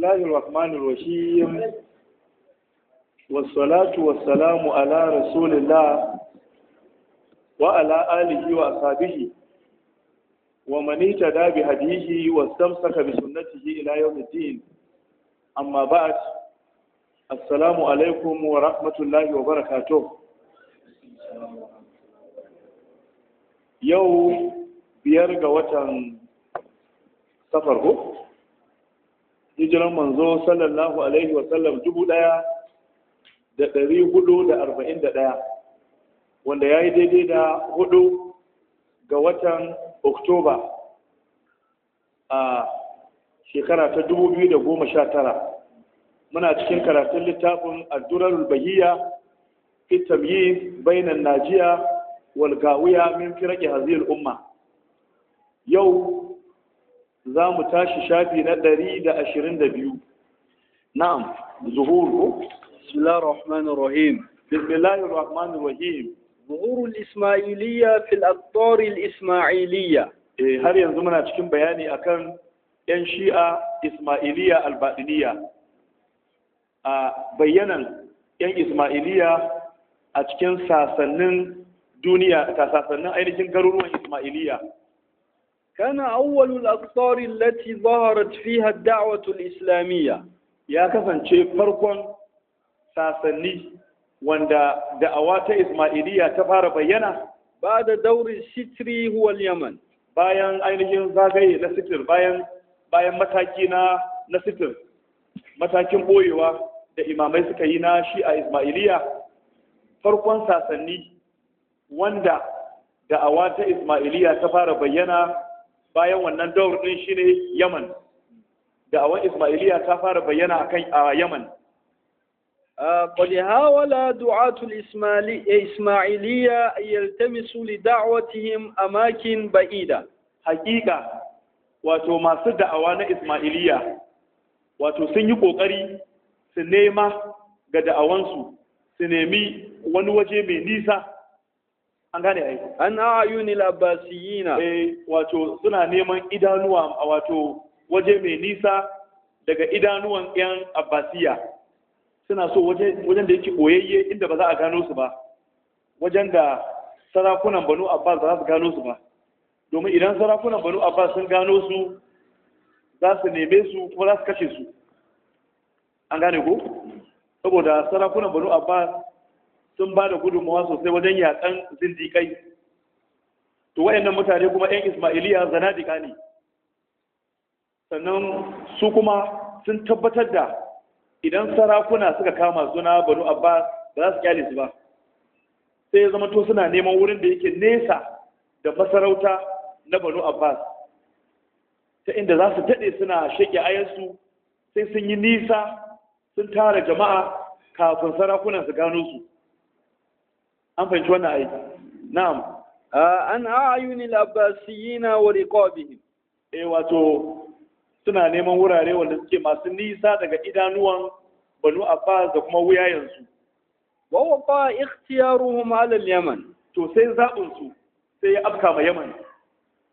الله الرحمن الرحيم والصلاة والسلام على رسول الله وعلى آله وأصحابه ومن اتدى بهديه واستمسك بسنته إلى يوم الدين أما بعد السلام عليكم ورحمة الله وبركاته يوم بيرجى وطن سفر هو hijiran manzo sallallahu alaihi wasallam dubu ɗaya da ɗari hudu da arba'in da ɗaya wanda ya yi daidai da hudu ga watan oktoba a shekara ta dubu biyu da goma sha tara muna cikin karatun littafin addurar bahiyya fitam yi bainan najiya wal gawiya min firaqi hazil umma yau za mu tashi shafi na ɗari da ashirin da biyu na'am Zuhur. bismillahir rahmanir rahim zuhurul ismailiyya fil aqtaril ismailiyya eh har yanzu muna cikin bayani akan yan shi'a ismailiyya albadiniya a bayyanan yan ismailiyya a cikin sasannin duniya sasannin ainihin garuruwan ismailiyya كان أول الأقطار التي ظهرت فيها الدعوة الإسلامية يا كفن شيء فرق ساسني وندا دعوات إسماعيلية تفار بينا بعد دور الستري هو اليمن bayan ainihin zagaye na sitir bayan bayan mataki na na sitir matakin boyewa da imamai suka yi na a ismailiya farkon sasanni wanda da'awa ta ismailiya ta fara bayyana bayan wannan dawar din shine Yaman da'awan Ismailiya ta fara bayyana akan a Yaman قد هاول دعاة الإسماعيلية أن يلتمسوا a makin Ba'ida. حقيقة wato masu da'awa na Ismailiya wato sun yi ƙoƙari su nema ga da'awansu su nemi wani waje mai nisa an gane ai an ayunil abbasiyina eh wato suna neman idanuwa a wato waje mai nisa daga idanuwan yan abbasiya suna so wajen da yake boyayye inda ba za a gano su ba wajen da sarakunan banu abbas ba za su gano su ba domin idan sarakunan banu abbas sun gano su za su neme su kuma za su kashe su an gane ko saboda sarakunan banu abbas sun ba da gudunmawa sosai wajen yakan zindikai to wayannan mutane kuma yan ismailiya zanadika ne sannan su kuma sun tabbatar da idan sarakuna suka kama suna banu abbas ba za su kyale su ba sai ya zama to suna neman wurin da yake nesa da masarauta na banu abbas ta inda za su taɗe suna shaƙe ayansu sai sun yi nisa sun tara jama'a kafin sarakuna su gano su an fahimci wannan ayi. na'am an ayuni labasiyina wa riqabihim eh wato suna neman wurare wanda suke masu nisa daga idanuwan banu abbas da kuma wuyayensu wa waqa ikhtiyaruhum ala al-yaman to sai zabun su sai ya afka ma yaman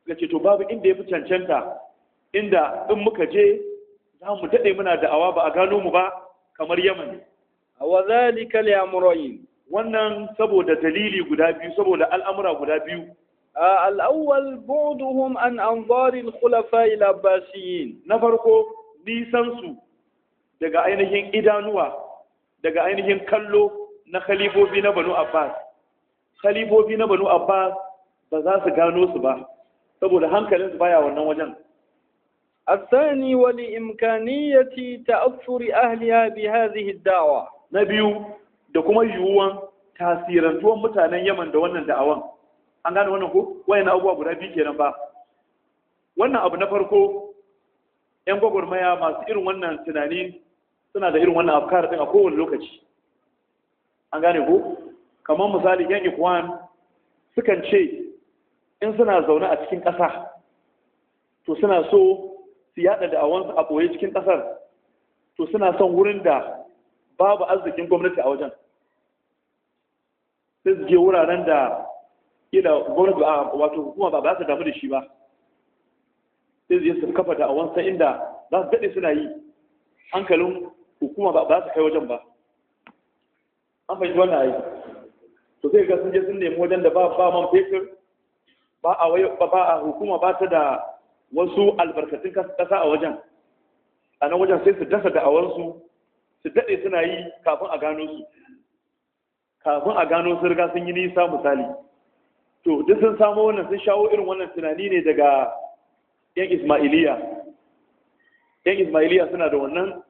yace to babu inda yafi cancanta inda in muka je za mu daɗe muna da'awa ba a gano mu ba kamar yaman wa zalika li amrayn wannan saboda dalili guda biyu saboda al'amura guda biyu al'awwal bu'duhum an anzaril khulafa ila basiyin na farko nisan su daga ainihin idanuwa daga ainihin kallo na khalifofi na banu abbas khalifofi na banu abbas ba za su gano su ba saboda hankalin su baya wannan wajen الثاني ولإمكانية تأثر أهلها بهذه الدعوة نبيو da kuma yiwuwan tasirantuwan mutanen yaman da wannan da'awan an gane wannan ko wayan abubuwa guda biyu kenan ba wannan abu na farko yan gwagwarmaya masu irin wannan tunani suna da irin wannan afkar din a kowane lokaci an gane ko kamar misali yan ikwan sukan ce in suna zaune a cikin ƙasa to suna so su yada da awansu a ɓoye cikin ƙasar to suna son wurin da babu arzikin gwamnati a wajen sai su je wuraren da ila gwamnati ba wato hukuma ba ba su damu da shi ba sai su je su kafa da a wansa inda za su daɗe suna yi hankalin hukuma ba za su kai wajen ba an fahimci wannan ayi to sai ga sun je sun nemi wajen da ba ba man fetur ba a ba a hukuma ba ta da wasu albarkatun kasa a wajen a nan wajen sai su dasa da'awarsu su daɗe suna yi kafin a gano su kafin a gano sun riga sun yi nisa misali to duk sun samo wannan sun shawo irin wannan tunani ne daga yan ismailiya yan ismailiya suna da wannan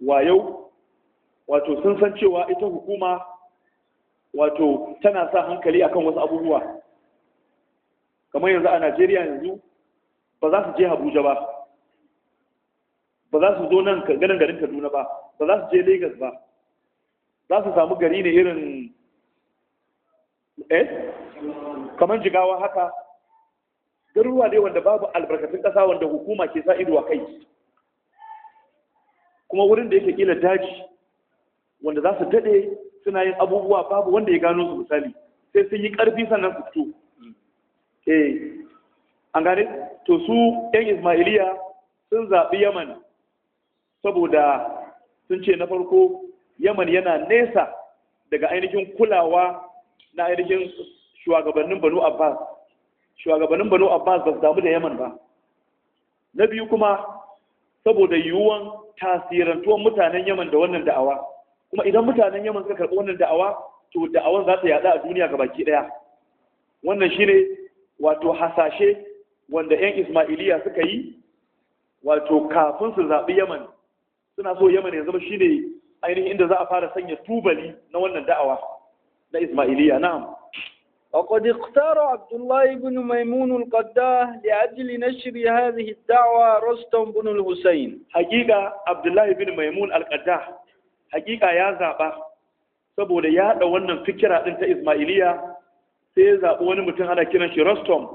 wayau wato sun san cewa ita hukuma wato tana sa hankali akan wasu abubuwa kamar yanzu a najeriya yanzu ba za su je abuja ba ba za su zo nan ganin garin kaduna ba ba za su je Legas ba za su samu gari ne irin eh kamar jigawa haka garuruwa ne wanda babu albarkatun ƙasa wanda hukuma ke sa ido a kai kuma wurin da yake kila daji wanda za su daɗe suna yin abubuwa babu wanda ya gano su misali sai sun yi ƙarfi sannan su fito eh an gane to su yan ismailiya sun zaɓi yaman saboda sun ce na farko yaman yana nesa daga ainihin kulawa na ainihin shugabannin banu abbas shugabannin banu abbas ba su damu da yaman ba na biyu kuma saboda yiwuwan tasirantuwan mutanen yaman da wannan da'awa kuma idan mutanen yaman suka karɓi wannan da'awa to da'awan za ta yaɗa a duniya ga baki ɗaya wannan shine wato hasashe wanda 'yan ismailiya suka yi wato kafin su zaɓi yaman suna so yaman ya zama shine ainihin inda za a fara sanya tubali na wannan da'awa الإسماعيلية نعم وقد اختار عبد الله بن ميمون القداه لأجل نشر هذه الدعوة رستم بن الحسين حقيقة عبد الله بن ميمون القداه حقيقة يا زعبا saboda ya haɗa wannan fikira ɗin ta Ismailiya sai ya zaɓi wani mutum ana kiran shi Rostom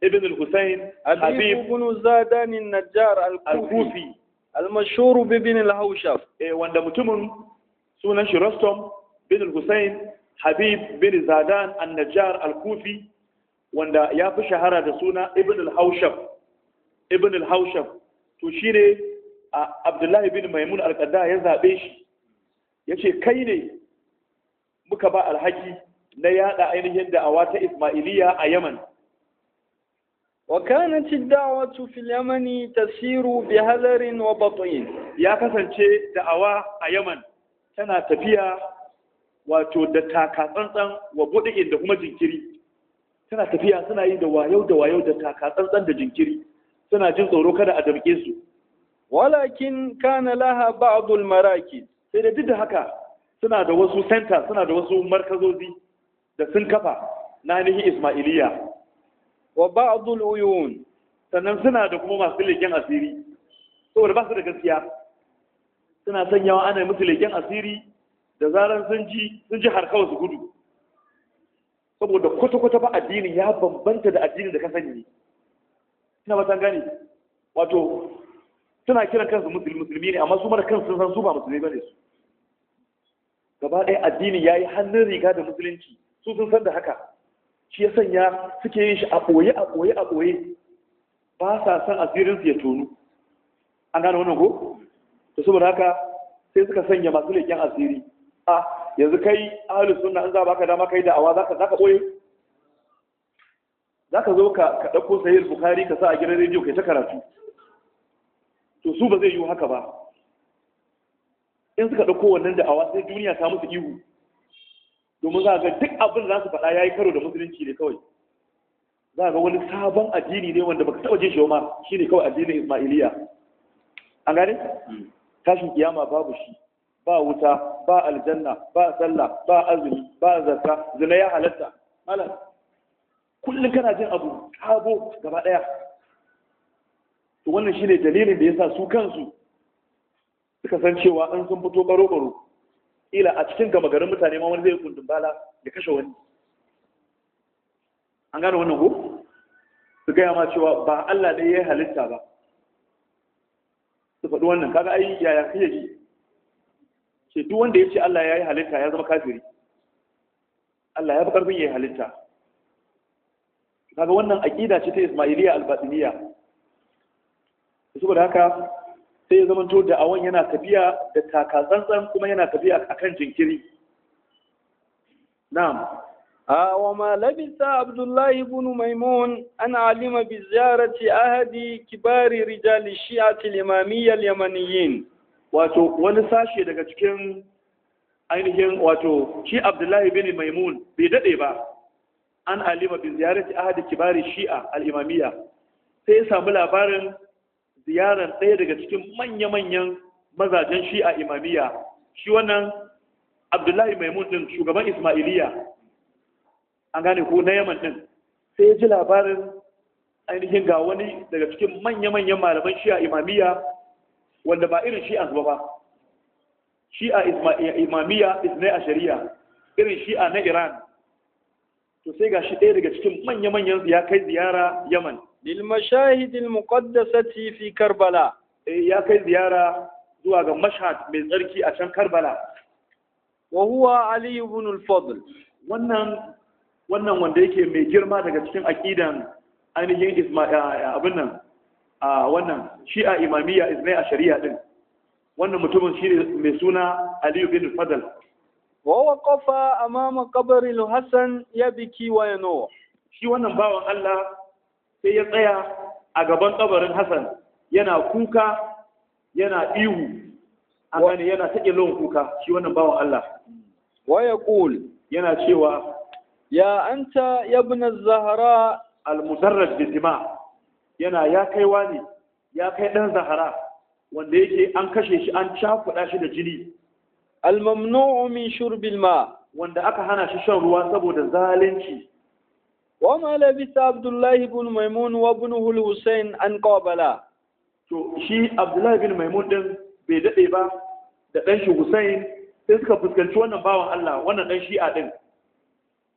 ibn al-Husayn Habib ibn Zadan an-Najjar al-Kufi al-mashhur bi bin al-Hawshaf eh wanda mutumin sunan shi Rostom bin al-Husayn habib bin zadan An-Najjar al-kufi wanda ya fi shahara da suna ibn al-haushab ibn al-haushab to shine abdullahi bin maimun al-qadda ya zabe shi yace kai ne muka ba alhaki na yada ainihin da'awa ta ismailiya a yaman وكانت الدعوة في اليمن تسير بهذر وبطين Ya kasance da'awa a Yaman tana tafiya wato da taka tsantsan wa buɗin da kuma jinkiri suna tafiya suna yi da wayau da wayau da taka tsantsan da jinkiri suna jin tsoro kada a damƙe su walakin kana laha ba'dul maraki sai da duk da haka suna da wasu center suna da wasu markazozi da sun kafa na nihi ismailiya wa ba'dul uyun sannan suna da kuma masu leken asiri saboda ba su da gaskiya suna sanyawa ana musu leken asiri da zaran sun ji sun ji har kawai su gudu saboda kwata-kwata ba addini ya bambanta da addini da ka sani suna ba gane wato suna kiran kansu musulmi ne amma su mara kansu sun san su ba musulmi ne su gaba ɗaya addini ya yi hannun riga da musulunci su sun san da haka shi ya sanya suke yin shi a ɓoye a ɓoye a ɓoye ba sa san asirinsu ya tonu an gane wannan ko to saboda haka sai suka sanya masu leƙen asiri a yanzu kai ahalus suna an za ka dama kai da'awa zaka ɓoye za ka zo ka ka dauko sahih bukhari ka sa a gidan rediyo kai ta karatu to su ba zai yi haka ba in suka dauko wannan da da'awa sai duniya ta musu ihu domin za ga duk abin za su faɗa yayi karo da musulunci ne kawai za ga wani sabon addini ne wanda baka taɓa jin shi ma shine kawai addinin Ismailiya an gane hmm. tashin kiyama babu shi ba wuta ba aljanna ba sallah ba azumi ba zakka zina ya halatta malam kullum kana jin abu kabo gaba daya to wannan shine dalilin da yasa su kansu suka san cewa an sun fito baro baro ila a cikin gama garin mutane ma wani zai kundin bala ya kashe wani an gane wannan ko su gaya ma cewa ba Allah ne ya halitta ba su faɗi wannan kaga ai yaya kake ji ce duk wanda ya ce Allah ya yi halitta ya zama kafiri Allah ya fi ƙarfin ya yi halitta kaga wannan aƙida ce ta Ismailiyya al-Batiniyya saboda haka sai ya zama da awon yana tafiya da taka tsantsan kuma yana tafiya akan jinkiri na'am a wa ma labisa Abdullahi ibn Maimun an alima bi ziyarati ahadi kibari rijali shi'ati al-imamiyya al-yamaniyyin wato wani sashe daga cikin ainihin wato shi abdullahi bin maimun bai dade ba an alima bin ziyarati ahadi kibari shi'a al sai ya samu labarin ziyarar ɗaya daga cikin manya-manyan mazajen shi'a imamiyya shi wannan abdullahi maimun din shugaban ismailiyya an gane ko na yaman din sai ya ji labarin ainihin ga wani daga cikin manya-manyan malaman shi'a imamiyya wanda ba irin shi'a ba ba shi'a imamiyya isnai a shari'a irin shi'a na iran to sai ga shi ɗaya daga cikin manya-manyan ya kai ziyara yaman lil muqaddasati fi karbala eh, ya kai ziyara zuwa ga mashhad mai tsarki a can karbala wa huwa ali ibn al-fadl wannan wannan wanda yake mai girma daga cikin aqidan ainihin isma'il abin nan a wannan shi'a imamiyya isnai a shari'a din wannan mutumin shi mai suna aliyu bin fadal wawa kofa a mama kabarin hassan ya biki waya ya nowa shi wannan bawan allah sai ya tsaya a gaban kabarin hassan yana kuka yana ihu a gani yana taƙi lon kuka shi wannan bawan allah waya kul yana cewa ya anta yabna zahara al-mudarrad bi dima' yana ya kai wani ya kai dan zahara wanda yake an kashe shi an cakuɗa shi da jini al-mamnu'u min shurbil ma wanda aka hana shi shan ruwa saboda zalunci Wa وما لبث عبد الله بن ميمون وابنه الحسين an qabala. to shi Abdullahi ibn Maimun din bai dade ba da dan shi Hussein sai suka fuskanci wannan bawan Allah wannan dan shi'a din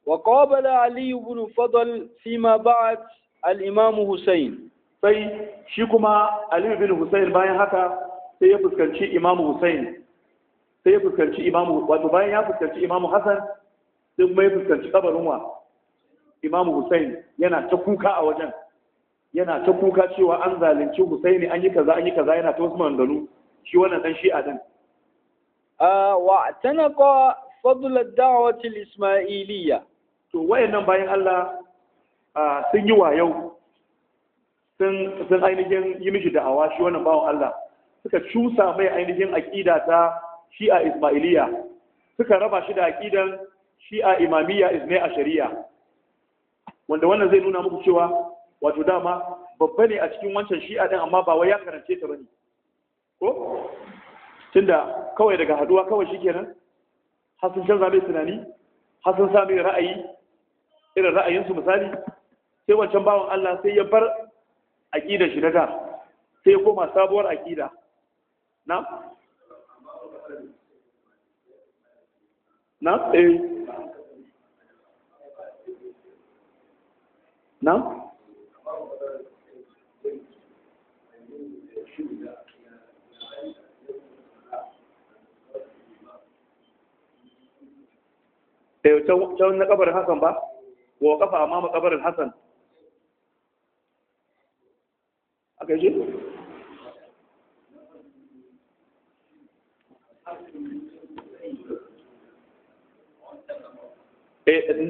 wa qabala Ali ibn Fadl fi ma ba'at al-Imam Hussein sai shi kuma Ali bin Hussein bayan haka sai ya fuskanci Imam Hussein sai ya fuskanci Imam wato bayan ya fuskanci Imam Hassan sai kuma ya fuskanci kabarin wa Imam Hussein yana ta kuka a wajen yana ta kuka cewa an zalunci Hussein an yi kaza an yi kaza yana ta wasu maganganu shi wannan dan shi'a din wa tanaka fadl ad-da'wati al-ismailiyya to wayannan bayan Allah sun yi wayo sun ainihin yi mishi da'awa shi wannan bawan Allah suka cusa mai ainihin aƙida ta shi'a ismailiya suka raba shi da aƙidan shi'a imamiyya izmai a shari'a wanda wannan zai nuna muku cewa wato dama babba ne a cikin wancan shi'a ɗin amma ba wai ya karance ta bane ko tunda kawai daga haduwa kawai shikenan har sun shan mai tunani hasan sami ra'ayi irin ra'ayinsu misali sai wancan bawan Allah sai ya bar aƙidar shi na da sai koma sabuwar aƙida na na eh na da eh, can na kabarin hassan ba wa kafa amma makabarin hassan إيه،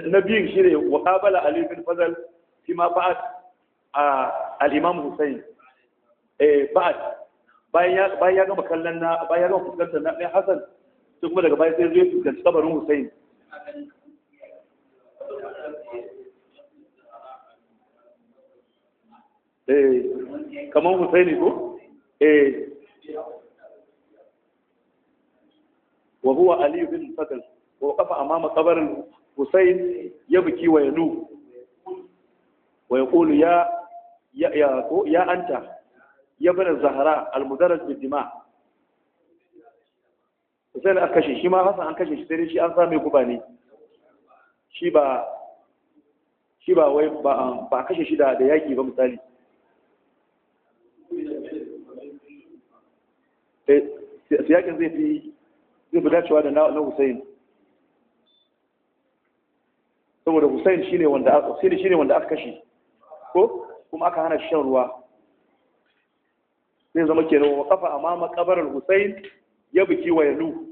نبي جري وقابل علي بن فضل فيما بعد آه، الإمام حسين إيه، بعد باي ياغا مكلنا باي ياغا فكرتنا حسن ثم لك باي سيرجي فكرت حسين eh kamar husaini ko eh wa huwa ali bin fadl wa qafa amama qabrin husayn yabki wa yanu wa yaqulu ya ya ya, ya anta ya bin zahra al-mudarraj bid dima husayn aka kashe shi ma hasan an kashe shi sai shi an same guba ne shi ba shi ba wai ba kashe shi da yaki ba misali Eh, siyakin zai fi zai fi dacewa da na Hussein saboda Hussein shine wanda aka wanda aka kashe ko kuma aka hana shan ruwa zai zama kenan wa kafa amama kabarar Hussein ya biki wayalu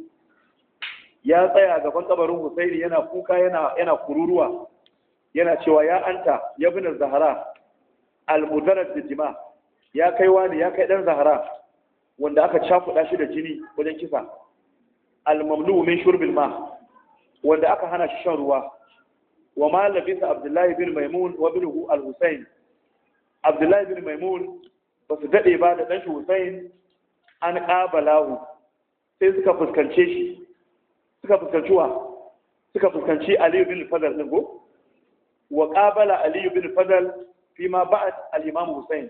ya tsaya gaban kabarin Hussein yana kuka yana yana kururuwa yana cewa ya anta ya bin zahara al-mudarrad bi jima ya kai wani ya kai dan zahara wanda aka cakuɗa shi da jini wajen kisa al-mamnu min shurbil ma wanda aka hana shi shan ruwa wa ma labisa abdullahi bin maimun wa binuhu al-husayn abdullahi bin maimun ba su daɗe ba da ɗanshi husayn an ƙabalahu sai suka fuskance shi suka fuskanci wa suka fuskanci aliyu bin fadal ɗin ko wa ƙabala aliyu bin fadal fi ma ba'ad al-imam husayn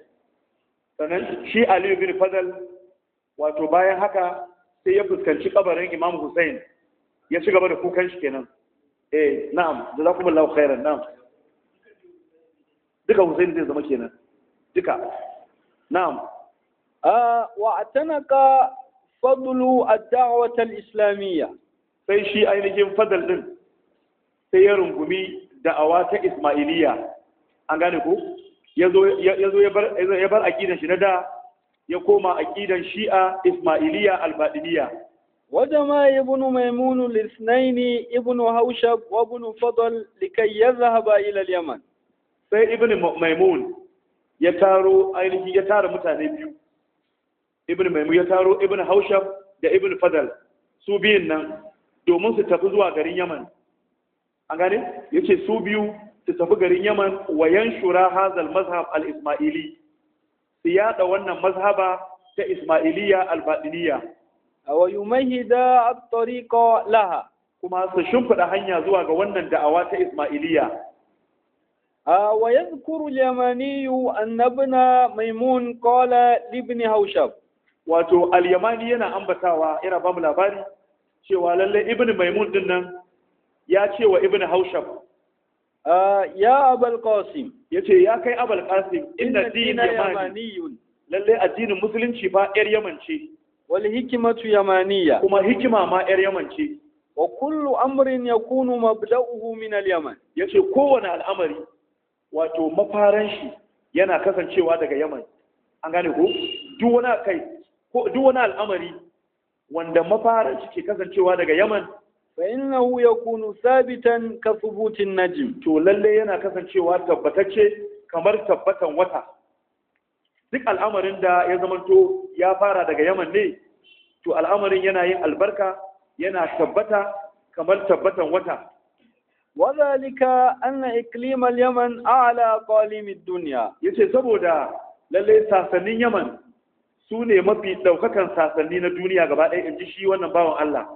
sannan shi aliyu bin fadal wato bayan haka sai ya fuskanci kabarin imam hussein ya ci gaba da kukan shi kenan eh na'am da za ku mallawa khairan na'am duka hussein zai zama kenan duka na'am wa atanaka fadlu fadulu a da'awatar islamiyya sai shi ainihin fadal din sai ya rungumi da'awa ta ismailiyya an gane ku ya bar ya bar aqidar shi na da ya koma aqidan shi'a ismailiya albadiliya وجمع lisnaini Ibnu hausha wa ibnu fadl فضل لكي يذهب الى yaman sai ibn maimun ya taro ainihi ya tara mutane biyu ibn maimun ya taro ibn hausha da ibn fadl su biyun nan domin su tafi zuwa garin yaman an gane ya ce su biyu su tafi garin yaman wayan shura hazal mazhab al-ismaili su yada wannan mazhaba ta Ismailiyya al-Batiniyya wa yumahida at-tariqa laha kuma su shimfida hanya zuwa ga wannan da'awa ta Ismailiyya wa yadhkuru al-Yamani an ibn Maimun qala li ibn Hawshab wato al-Yamani yana ambatawa yana ba mu labari cewa lalle ibn Maimun din ya ce wa ibn Hawshab ya abal qasim yace ya kai abal qasim inna dina yamaniyun lalle addinin musulunci fa yar yaman ce wal hikmatu yamaniya kuma hikima ma yar yaman ce wa kullu amrin yakunu mabda'uhu min al yaman yace kowane al'amari wato mafaran shi yana kasancewa daga yaman an gane ko duk wani kai ko duk wani al'amari wanda mafaran shi ke kasancewa daga yaman fa ya kunu sabitan kasubutin Najim. to lalle yana kasancewa tabbatacce kamar tabbatan wata duk al'amarin da ya zamanto ya fara daga yaman ne to al'amarin yana yin albarka yana tabbata kamar tabbatan wata wazalika anna iklimal yaman a'la qalimid dunya yace saboda lalle sasannin yaman su ne mafi daukakan sasanni na duniya gaba ɗaya in ji shi wannan bawan Allah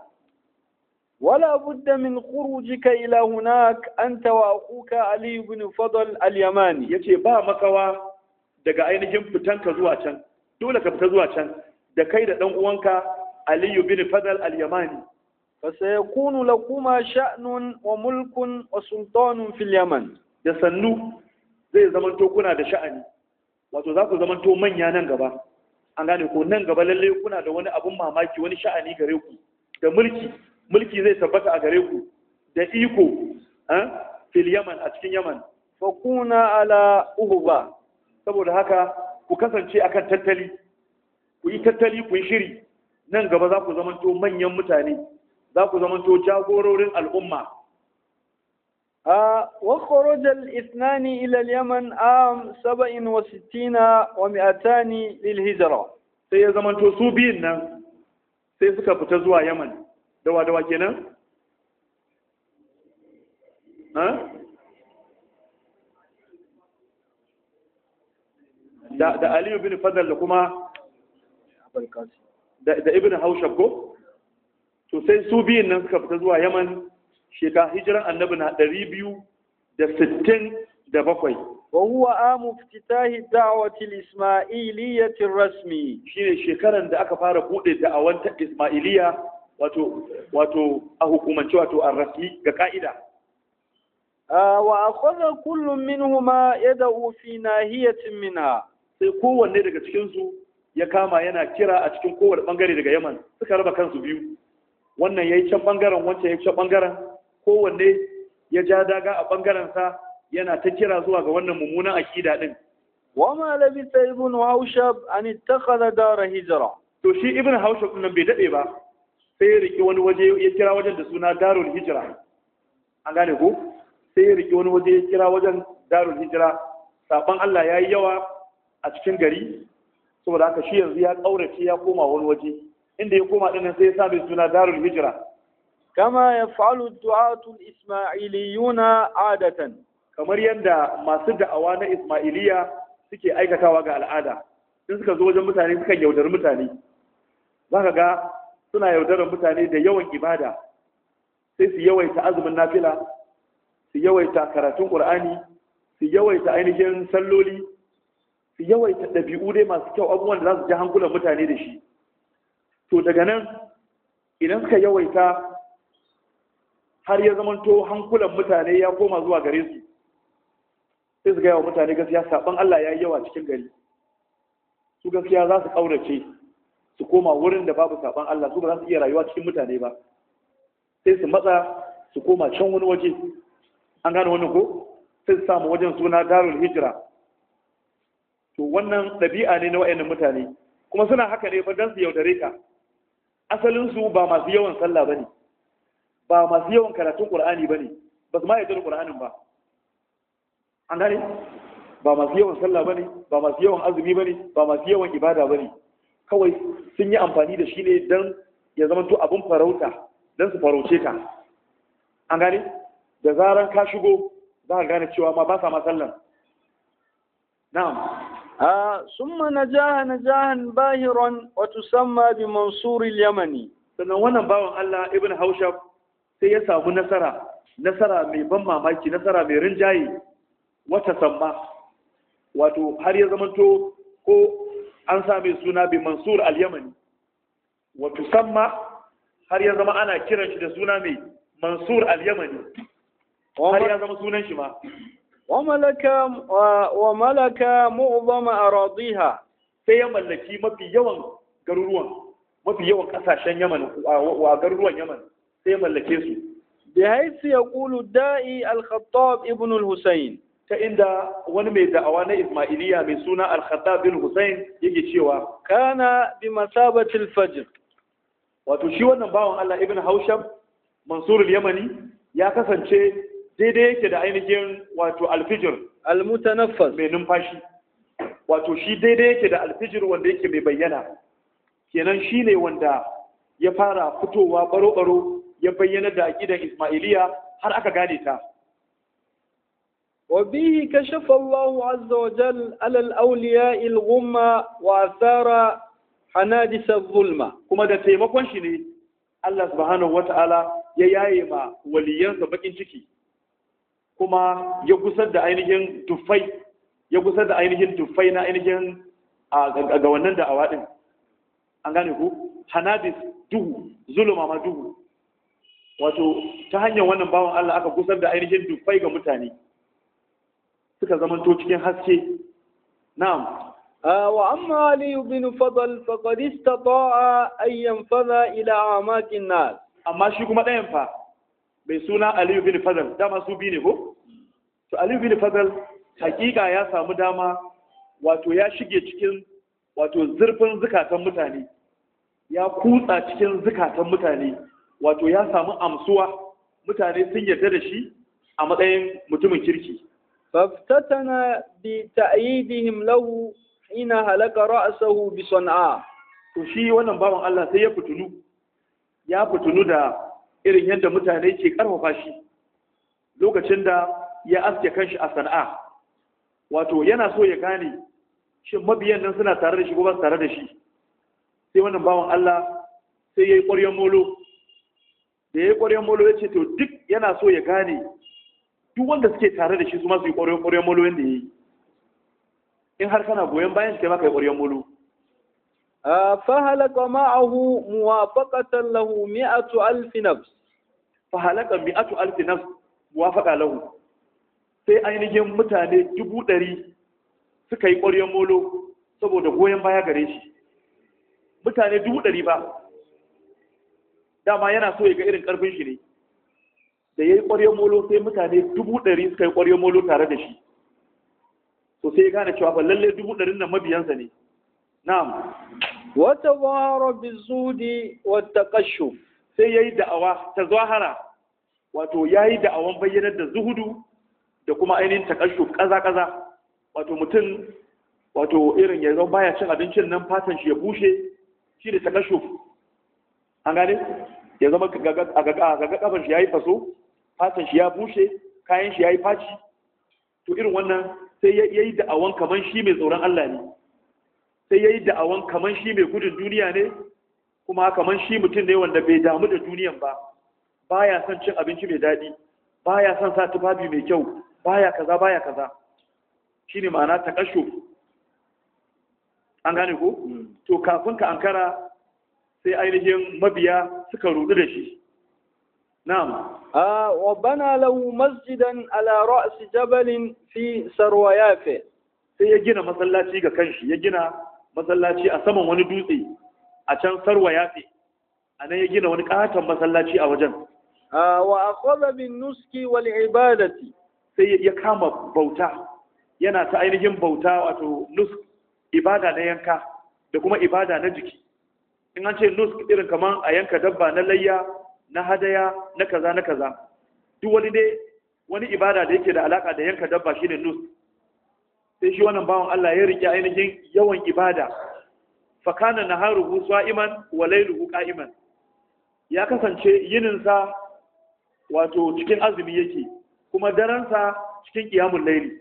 ولا بد من خروجك إلى هناك أنت وأخوك علي بن فضل اليماني يتي با مكوا daga ainihin fitanka zuwa can dole ka fita zuwa can da kai da dan uwanka Ali bin Fadl al-Yamani fa sayakunu lakuma sha'nun wa mulkun wa sultanun fil Yaman da sannu zai zamanto kuna da sha'ani wato za ku zamanto manya nan gaba an gane ko nan gaba lalle kuna da wani abun mamaki wani sha'ani gare ku da mulki mulki zai tabbata a gare ku da iko eh, fil yaman a cikin yaman fa kuna ala uhuba saboda haka ku kasance akan tattali ku yi tattali ku yi shiri nan gaba za ku zamanto manyan mutane za ku zamanto jagororin al'umma yaman الاثنان saba'in wa عام wa وستين ومئتان للهجرة sai ya zamanto su biyun nan sai suka fita zuwa yaman dawa dawa kenan da aliyu bin fadal da kuma da ibn haushab ko to sai su biyun nan suka fita zuwa yaman sheka hijiran annabi na ɗari biyu da sittin da bakwai wa huwa amu fititahi da'watil ismailiyyatir rasmi shine shekaran da aka fara bude da'awan ta wato wato a hukumance wato a rasmi ga ka'ida ah, wa akhadha kullum minhuma ofi na hiyacin mina. sai kowanne daga cikinsu ya kama yana kira a cikin kowane bangare daga Yaman suka raba kansu biyu wannan ya yi can bangaren wancan ya yi can bangaren kowanne ya ja daga a bangarensa yana ta kira zuwa ga wannan mummunan akida din wama labisa ibn haushab an ittakhadha dara hijra to shi ibn haushab nan bai dade ba sai ya riƙe wani waje ya kira wajen da suna darul hijira an gane ko sai ya riƙe wani waje ya kira wajen darul hijira saban Allah ya yi yawa a cikin gari saboda haka shi yanzu ya ƙaurace ya koma wani waje inda ya koma ɗin sai ya sa mai suna darul hijira kama ya fa'alu du'atul ismailiyuna adatan kamar yadda masu da'awa na ismailiya suke aikatawa ga al'ada in suka zo wajen mutane suka yaudar mutane za ka ga suna yaudarar mutane da yawan ibada sai su yawaita azumin nafila su yawaita karatun qur'ani su yawaita ainihin salloli su yawaita ɗabi'u dai masu kyau abubuwan da za su ji hankulan mutane da shi to daga nan idan suka yawaita har ya zamanto hankulan mutane ya koma zuwa gare su sai su gaya wa mutane gaskiya saban Allah ya yi yawa cikin gari su gaskiya za su ƙaurace su koma wurin da babu saban Allah su ba za su iya rayuwa cikin mutane ba sai su matsa su koma can wani waje an gane wani ko sai su samu wajen suna darul hijira to wannan ɗabi'a ne na wa'annan mutane kuma suna haka ne don su yaudare ka asalinsu ba masu yawan sallah ba ne ba masu yawan karatun ƙur'ani ba ne ba su ma yadda ƙur'anin ba an gane ba masu yawan sallah ba ne ba masu yawan azumi ba ne ba masu yawan ibada ba ne kawai sun yi amfani da shi ne don ya zama to abin farauta don su farauce ka an gane da zaran ka shigo za ka gane cewa ma ba sa ma sallan na'am ah, na jihar bahiron wato san ma bi mansuri yamani sannan wannan bawan Allah ibn Haushab sai ya samu nasara nasara mai ban mamaki nasara mai rinjaye wata samma wato har ya zamanto ko an sami suna bi mansur al-yamani wa tusamma har ya zama ana kiran shi da suna mai mansur al-yamani har ya zama sunan shi ma wa malaka wa malaka mu'zama aradiha sai ya mallaki mafi yawan garuruwan mafi yawan kasashen yaman wa garuruwan yaman sai ya mallake su bi haythu yaqulu da'i al-khattab ibn al-husayn ta inda wani mai da'awa na Ismailiyya mai suna Al-Khattab bin Hussein yake cewa kana bi masabatil fajr wato shi wannan bawan Allah ibn Hausham Mansur al-Yamani ya kasance daidai yake da ainihin wato al-fijr al-mutanaffas mai numfashi wato shi daidai yake da al-fijr wanda yake mai bayyana kenan shine wanda ya fara fitowa baro-baro ya bayyana da aqidar Ismailiyya har aka gane ta وبه كشف الله عز وجل على الأولياء الغمة وأثار حنادس الظلمة كما الله سبحانه وتعالى ya yaye ma waliyansa bakin ciki kuma ya gusar da ainihin tufai na ainihin ga wannan da'awa din an gane ku hanadis duhu zuluma ma duhu wato ta hanyar wannan bawan Allah aka gusar da ainihin ga mutane suka zamanto cikin haske na'am ah, wa amma ali ibn fadl faqad istata'a an yanfadha ila amakin nas amma shi kuma ɗayan fa bai suna ali ibn fadl dama su bi ne ko to ali ibn fadl hakika ya samu dama wato ya shige cikin wato zurfin zukatan mutane ya kutsa cikin zukatan mutane wato ya samu amsuwa mutane sun yarda da shi a matsayin mutumin kirki فافتتن بتأييدهم له حين هلك رأسه بصنعاء to shi wannan bawan Allah sai ya fitunu da irin yadda mutane ke karfafa shi lokacin da ya aske kanshi a sana'a wato yana so ya gane shin mabiyan nan suna tare da shi ko ba tare da shi sai wannan bawan Allah sai ya yi ƙwaryen molo da ya yi ƙwaryen molo ya ce to duk yana so ya gane duk wanda suke tare da shi su ma su yi ƙwaryon ƙwaryon molo yadda ya yi in har kana goyon bayan shi kai yi kai ƙwaryon A fahalaka ma'ahu muwafaqatan lahu mi'atu alfi nafs fahalaka mi'atu alfi nafs muwafaqa lahu sai ainihin mutane dubu ɗari suka yi ƙwaryon molo saboda goyon baya gare shi mutane dubu ɗari ba dama yana so ya ga irin ƙarfin shi ne da ya yi ƙwaryen molo sai mutane dubu ɗari suka yi ƙwaryen molo tare da shi to sai ya gane cewa ba lallai dubu ɗarin nan mabiyansa ne na'am wata wara bizudi wata kashu sai ya yi da'awa ta zahara wato ya yi da'awan bayyanar da zuhudu da kuma ainihin takashu kaza-kaza wato mutum wato irin ya zama baya cin abincin nan fatan shi ya bushe shi da takashu an gane ya zama a gaga shi ya yi faso fatan shi ya bushe kayan shi ya yi faci to irin wannan sai ya yi da'awan kaman shi mai tsoron Allah ne sai ya yi da'awan kaman shi mai gudun duniya ne kuma kaman shi mutum ne wanda bai damu da duniyan ba baya son cin abinci mai daɗi baya son sa tufafi mai kyau baya kaza baya kaza shine ma'ana ta kasho. an gane ko hmm. to kafin ka ankara sai ainihin mabiya suka rudu da shi نعم آه وبنى له مسجدا على رأس جبل في سرويافه sai ya gina masallaci ga kanshi ya gina masallaci a saman wani dutse a can sarwa yafe a nan ya gina wani katon masallaci a wajen wa akhadha bin nuski wal ibadati sai ya kama bauta yana ta ainihin bauta wato nusk ibada na yanka da kuma ibada na jiki in an ce nusk irin kaman a yanka dabba na layya na hadaya na kaza na kaza duk wani dai wani ibada da yake da alaka da yanka dabba shine nus sai shi wannan bawan Allah ya rike ainihin yawan ibada fa kana naharuhu sa'iman wa layluhu qa'iman ya kasance yininsa wato cikin azumi yake kuma daransa cikin qiyamul layli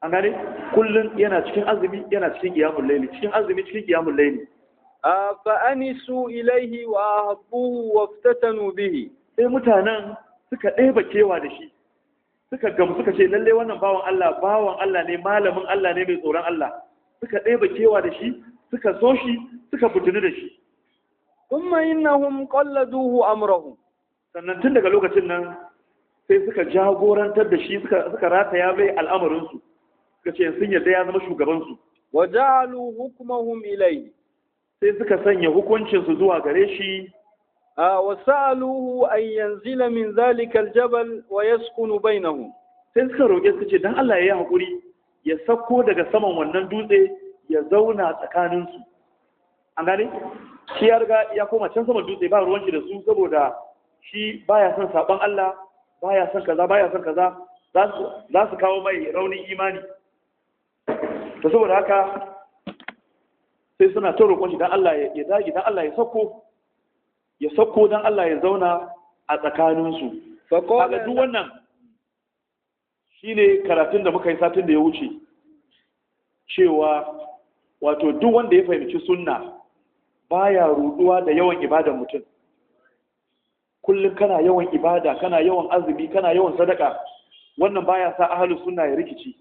an gane kullun yana cikin azumi yana cikin qiyamul layli cikin azumi cikin qiyamul layli fa'anisu ilaihi wa habbuhu wa ftatanu bihi sai mutanen suka ɗeba kewa da shi suka gam suka ce lalle wannan bawan Allah bawan Allah ne malamin Allah ne mai tsoron Allah suka ɗeba kewa da shi suka so shi suka fitini da shi kuma innahum qalladuhu amrahu sannan tun daga lokacin nan sai suka jagorantar da shi suka suka rataya mai al'amarin su suka ce sun yarda ya zama shugaban su wa ja'alu hukmahum ilayhi sai suka sanya hukuncinsu zuwa gare shi A wasa'aluhu an yanzila min zalikal jabal wa yaskunu bainahum sai suka roƙe su ce dan Allah ya yi hakuri ya sako daga saman wannan dutse ya zauna tsakanin su an gane shi ya riga ya koma can saman dutse ba ruwan shi da su saboda shi baya son saban Allah baya son kaza baya son kaza za su kawo mai rauni imani to saboda haka sai suna ta roƙon shi dan Allah ya dage dan Allah ya sako ya dan Allah ya zauna a tsakaninsu kaga duk wannan shine karatun da muka yi satin da ya wuce cewa wato duk wanda ya fahimci sunna baya ruduwa da yawan ibadan mutum kullum kana yawan ibada kana yawan azumi kana yawan sadaka wannan baya sa ahlus sunna ya rikici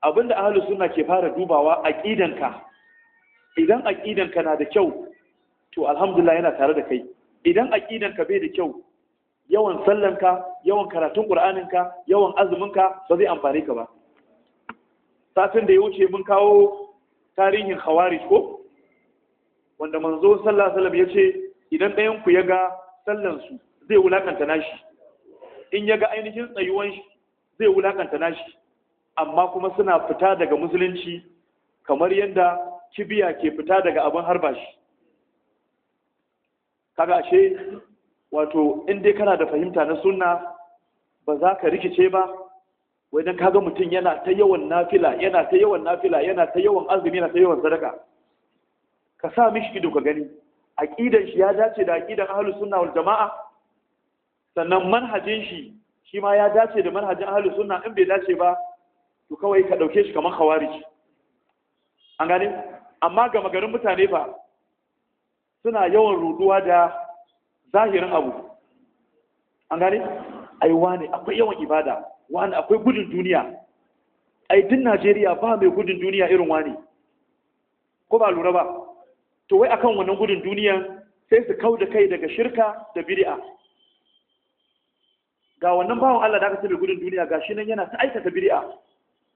abinda ahlus sunna ke fara dubawa aqidanka idan ka na da kyau to alhamdulillah yana tare da kai idan aƙidanka bai da kyau yawan sallanka yawan karatun ƙur'aninka, yawan azuminka ba zai amfane ka ba satin da ya wuce mun kawo tarihin khawarij ko wanda manzo sallallahu alaihi wasallam yace idan ɗayan ku ya ga sallan su zai wulakanta nashi in ya ga ainihin tsayuwan shi zai wulakanta nashi amma kuma suna fita daga musulunci kamar yadda kibiya ke fita daga abin harba shi kaga ashe wato in dai kana da fahimta na sunna ba za ka rikice ba wai dan kaga mutum yana ta yawan nafila yana ta yawan nafila yana ta yawan azumi yana ta yawan sadaka ka sa mishi ido ka gani aqidan shi ya dace da aqidan ahlus sunna wal jamaa sannan manhajin shi shi ma ya dace da manhajin ahlus sunna in bai dace ba to kawai ka dauke shi kamar khawarij an gane amma ga magarin mutane ba suna yawan ruduwa da zahirin abu an gane ai wani akwai yawan ibada wani akwai gudun duniya ai din Najeriya ba mai gudun duniya irin wani ko ba lura ba to wai akan wannan gudun duniya sai su kau da kai daga shirka da bid'a ga wannan bawan Allah da aka ce mai gudun duniya gashi nan yana ta aikata bid'a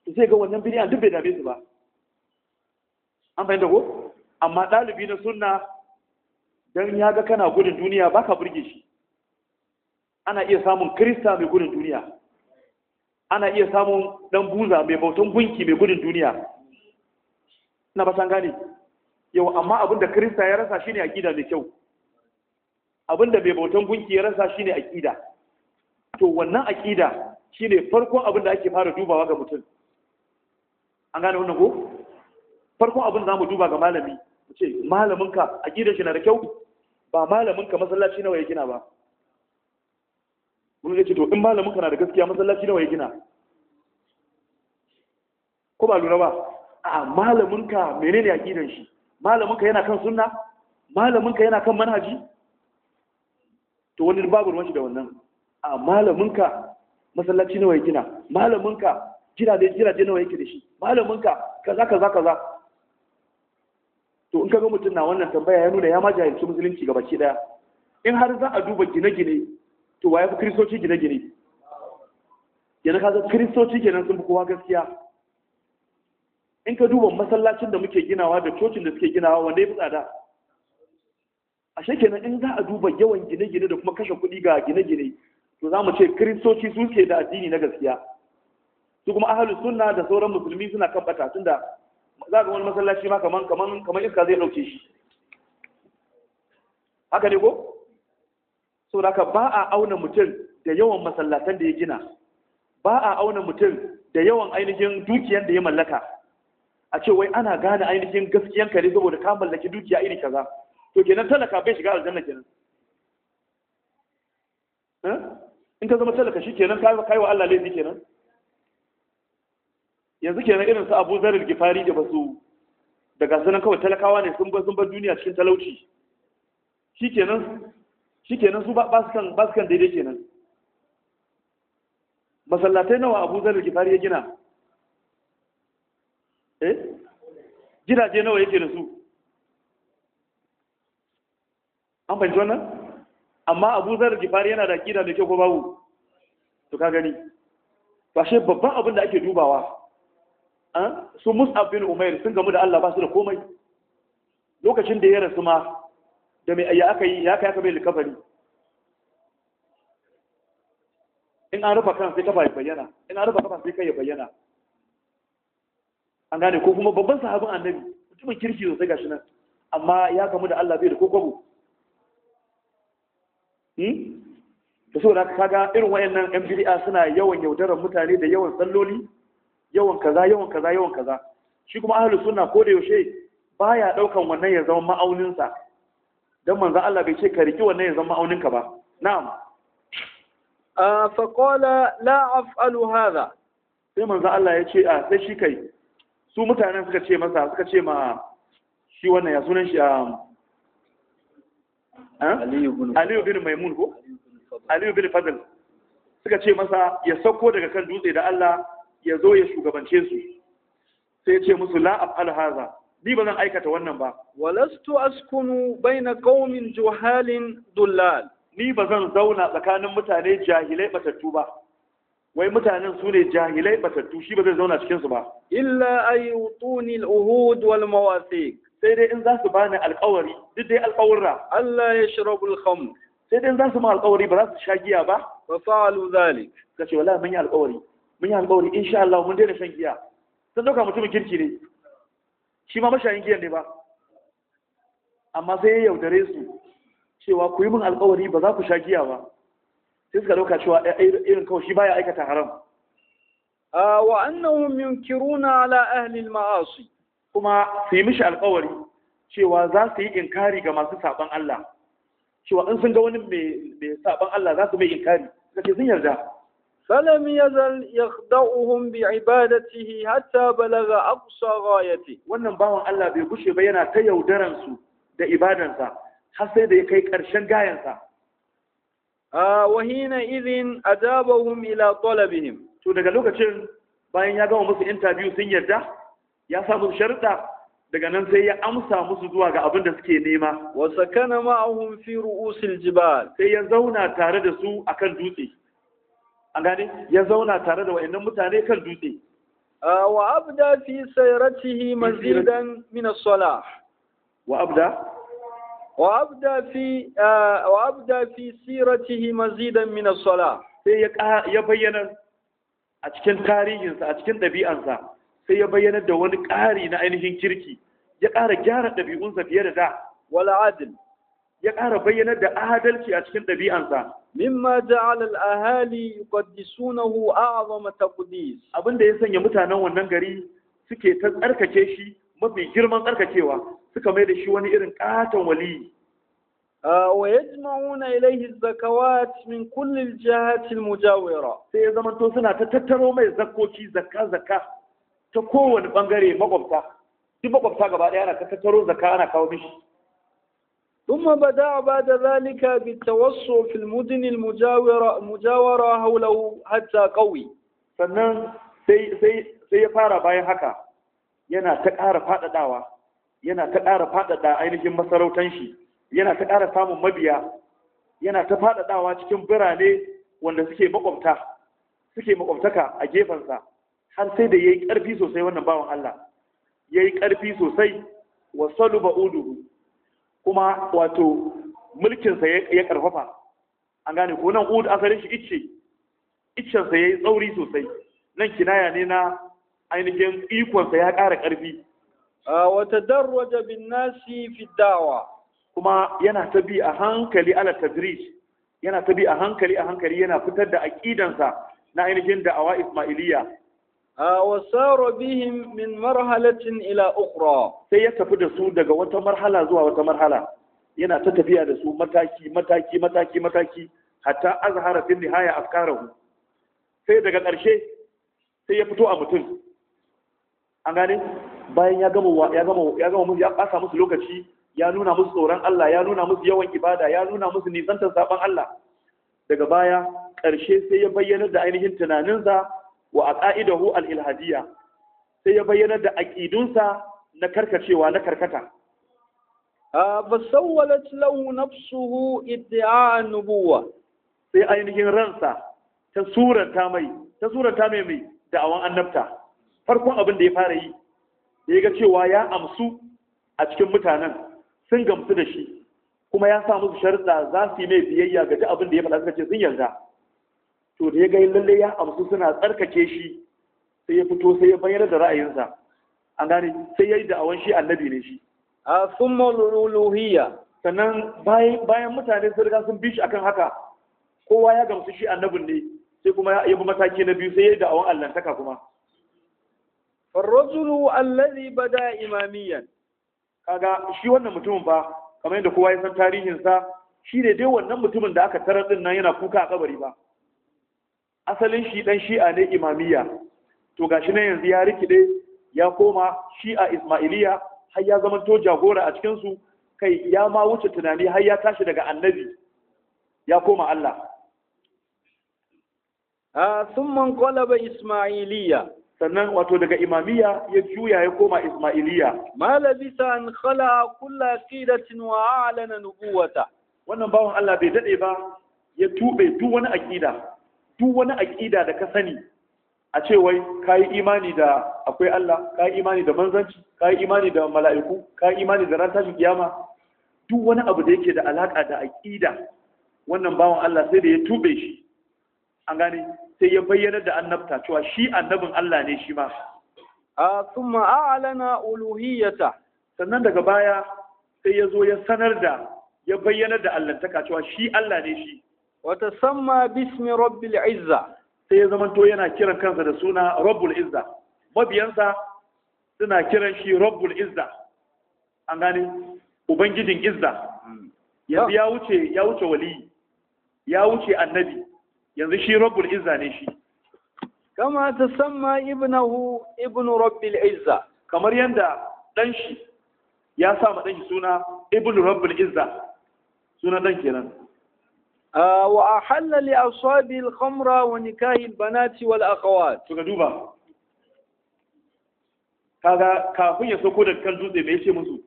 to sai ga wannan bid'a duk bai dame su ba an fahimta ko amma ɗalibi na sunna don ya ga kana gudun duniya ba ka burge shi ana iya samun kirista mai gudun duniya ana iya samun ɗan buza mai bautan gunki mai gudun duniya na ba san gane yau amma abin da kirista ya rasa shine aƙida mai kyau Abin da mai bautan gunki ya rasa shine aƙida to wannan aƙida shine farkon abin da ake fara dubawa ga mutum an gane wannan ko farkon abin za mu duba ga malami mu ce malaminka a gidan shi na da kyau ba malaminka masallaci nawa ya gina ba mun ce to in malaminka na da gaskiya masallaci nawa ya gina ko ba lura ba a malaminka menene a gidan shi malaminka yana kan sunna malaminka yana kan manhaji to wani babu ruwan shi da wannan a malaminka masallaci nawa ya gina malaminka jira da jira nawa yake da shi malaminka kaza kaza kaza to in kaga mutum na wannan tambaya ya nuna ya ma jahilci musulunci ga baki daya in har za a duba gine-gine to wa ya fi kristoci gine-gine yana kaga kristoci kenan sun fi kowa gaskiya in ka duba masallacin da muke ginawa da cocin da suke ginawa wanda ya fi tsada ashe kenan in za a duba yawan gine-gine da kuma kashe kuɗi ga gine-gine to za mu ce kristoci su ke da addini na gaskiya su kuma ahalus sunna da sauran musulmi suna kan bata tunda za ga wani masallaci ma kaman kaman kaman iska zai dauke shi haka ne ko so haka ba a auna mutum da yawan masallatan da ya gina ba a auna mutum da yawan ainihin dukiyan da ya mallaka a ce wai ana gane ainihin gaskiyan kare saboda ka mallaki dukiya iri kaza to kenan talaka bai shiga aljanna kenan eh? in ka zama talaka shi kenan kai wa Allah laifi kenan yanzu kenan irin su Abu Zarar Gifari da basu daga sunan kawai talakawa ne sun bar sun bar duniya cikin talauci shikenan shikenan su ba su kan ba su kan daidai kenan masallatai nawa Abu Zarar Gifari ya gina eh gidaje nawa yake da su an fahimci wannan amma Abu Zarar Gifari yana da kida da kyau ko babu to ka gani ba babban abin da ake dubawa su mus'ab bin umair sun gamu da Allah ba su da komai lokacin da ya rasu ma da mai ayya aka yi ya kai aka mai likafari in an rufa kan sai kafa ya bayyana in an rufa kafa sai kai ya bayyana an gane ko kuma babban sahabin annabi mutumin kirki sosai gashi nan amma ya gamu da Allah bai da kokobo hmm? da saboda kaga irin wayannan yan suna yawan yaudarar mutane da yawan salloli yawan kaza yawan kaza yawan kaza shi kuma ahlus sunna ko da yaushe baya daukan wannan ya zama ma'aunin sa dan manzo Allah bai ce ka riki wannan ya zama ma'aunin ka ba na'am fa qala la af'alu hadha sai manzo Allah ya ce a sai shi kai su mutanen suka ce masa suka ce ma shi wannan ya sunan shi um, eh? Aliyu bin Maimun ko? Aliyu bin Fadl suka ce masa ya sauko daga kan dutse da Allah ya zo ya shugabance su sai ce musu la af'al haza ni ba zan aikata wannan ba walastu askunu baina qaumin juhalin dullal ni ba zan zauna tsakanin mutane jahilai batattu ba wai mutanen su ne jahilai batattu shi ba zai zauna cikin su ba illa ayutuni al-uhud wal mawathiq sai dai in za su bani alƙawari duk dai alƙawarra Allah ya shirabu al sai dai in za su ma alƙawari ba za su sha giya ba fa fa'alu zalik kace wallahi mun yi alƙawari mun yi alƙawari sha Allah mun daina shan giya sun dauka mutumin kirki ne shi ma mashayin giyan ne ba amma sai ya yaudare su cewa ku yi min alƙawari ba za ku sha giya ba sai suka dauka cewa eh, eh, irin kawai shi baya aikata haram wa annahum yunkiruna ala ahli al-ma'asi kuma su yi mishi alƙawari. cewa za su yi inkari ga masu saban Allah cewa in sun ga wani mai saban Allah za su mai inkari kace sun yarda فلم يزل يخدعهم بعبادته حتى بلغ أقصى غايته wannan bawan Allah bai gushe ba yana ta yaudaran su da ibadansa har sai da ya kai karshen gayansa wa hina idhin ajabahum ila talabihim to daga lokacin bayan ya gama musu interview sun yarda ya sa musu sharuɗa daga nan sai ya amsa musu zuwa ga abin da suke nema wa sakana ma'ahum fi ru'usil jibal sai ya zauna tare da su akan dutse an gane ya zauna tare da wa'annan mutane kan dutse ah, wa abda fi sayratihi mazidan min as-salah wa abda wa abda fi ah, wa abda fi siratihi mazidan min as-salah sai ya ya bayyana a cikin sa, a cikin sa, sai ya bayyana da wani ƙari na ainihin kirki ya ƙara gyara ɗabi'unsa fiye da da wala adil ya ƙara bayyana da adalci a cikin ɗabi'ansa. Mimma ja'ala al-ahali yuqaddisunahu a'zama taqdis. da ya sanya mutanen wannan gari suke ta tsarkake shi mafi girman tsarkakewa suka mai da shi wani irin katon wali. Wa yajma'una ilayhi zakawat min kulli jihati al-mujawira. Sai ya zamanto suna ta tattaro mai zakoki zakka zakka ta kowane bangare makwabta. Duk makwabta gaba ɗaya ana ta tattaro zakka ana kawo mishi. ثم بدأ بعد ذلك بالتوسع في المدن المجاورة مجاورة حوله حتى قوي sannan sai sai sai ya fara bayan haka yana ta ƙara faɗaɗawa yana ta ƙara faɗaɗa ainihin masarautan shi yana ta ƙara samun mabiya yana ta faɗaɗawa cikin birane wanda suke makwabta suke makwabtaka a gefensa har sai da yayi ƙarfi sosai wannan bawan Allah yayi ƙarfi sosai wa salu ba'uduhu kuma wato mulkinsa ya karfafa an gane ko nan ud asalin shi icce iccensa ya yi tsauri sosai nan kinaya ne na ainihin ikonsa ya ƙara ƙarfi wata darwaja bin nasi fi dawa kuma yana ta bi a hankali ala tadrij yana ta bi a hankali a hankali yana fitar da aƙidansa na ainihin da'awa ismailiya wasaro بهم min مرحلة ila أخرى sai ya tafi da su daga wata marhala zuwa wata marhala yana ta متاكي da su mataki mataki mataki mataki hatta azhara fil nihaya afkarahu sai daga ƙarshe sai ya fito a mutum an gane bayan ya gama ya gama ya ya kasa musu lokaci ya nuna musu tsoron Allah ya nuna musu yawan ibada ya nuna musu nisantar saban Allah daga baya ƙarshe sai ya bayyana da ainihin tunaninsa wa aqaidahu al-ilhadiyya sai ya bayyana da aqidunsa na karkacewa na karkata fa sawwalat lahu nafsuhu idda'a nubuwa sai ainihin ransa ta surata mai ta surata mai mai da'awan annabta farkon abin da ya fara yi da ya ga cewa ya amsu a cikin mutanen sun gamsu da shi kuma ya samu musu sharuɗa za su yi mai biyayya ga duk abin da ya faɗa suka ce sun yarda to da ya ga lalle ya amsu suna tsarkake shi sai ya fito sai ya bayyana da ra'ayinsa an gane sai ya yi da'awan shi annabi ne shi a sun uluhiyya sannan bayan mutane sun riga sun bi shi akan haka kowa ya gamsu shi annabin ne sai kuma ya bi mataki na biyu sai ya yi da'awan allantaka kuma Farrozulu allazi bada imamiyan kaga shi wannan mutumin ba, kamar yadda kowa ya san tarihinsa shi ne dai wannan mutumin da aka tarar din nan yana kuka a kabari ba asalin shi dan shi'a ne imamiyya to gashi nan yanzu ya rikide ya koma shi'a ismailiyya har ya zama to jagora a cikin su kai ya ma wuce tunani har ya tashi daga annabi ya koma Allah a ah, summan qalaba ismailiyya sannan wato daga imamiyya ya juya ya koma Isma'iliya. malabi san khala kullu aqidatin wa a'lana nubuwata wannan bawon Allah bai dade ba ya tube duk wani aqida duk wani aƙida da ka sani a ce wai ka yi imani da akwai Allah ka yi imani da manzanci ka yi imani da mala'iku ka yi imani da ran tashin kiyama duk wani abu da yake da alaƙa da aƙida wannan bawan Allah sai da ya tube shi an gane sai ya bayyana da annabta cewa shi annabin Allah ne shi ma a kuma a'lana uluhiyata sannan daga baya sai ya zo ya sanar da ya bayyana da allantaka cewa shi Allah ne shi wata samma bismi rabbil izza sai ya zama to yana kiran kansa da suna rabbul izza mabiyansa suna kiran shi rabbul izza an gani ubangijin izza hmm. yanzu ya wuce ya wuce wali ya wuce annabi yanzu shi rabbul izza ne shi kama ta samma ibnahu ibnu rabbil izza kamar yanda dan shi ya sa ma dan shi suna ibnu rabbil izza suna dan kenan wa a li a al-khamra wa nikahi banati wal akhawat to ka duba kaga kafin ya soko da kan dutse me yace musu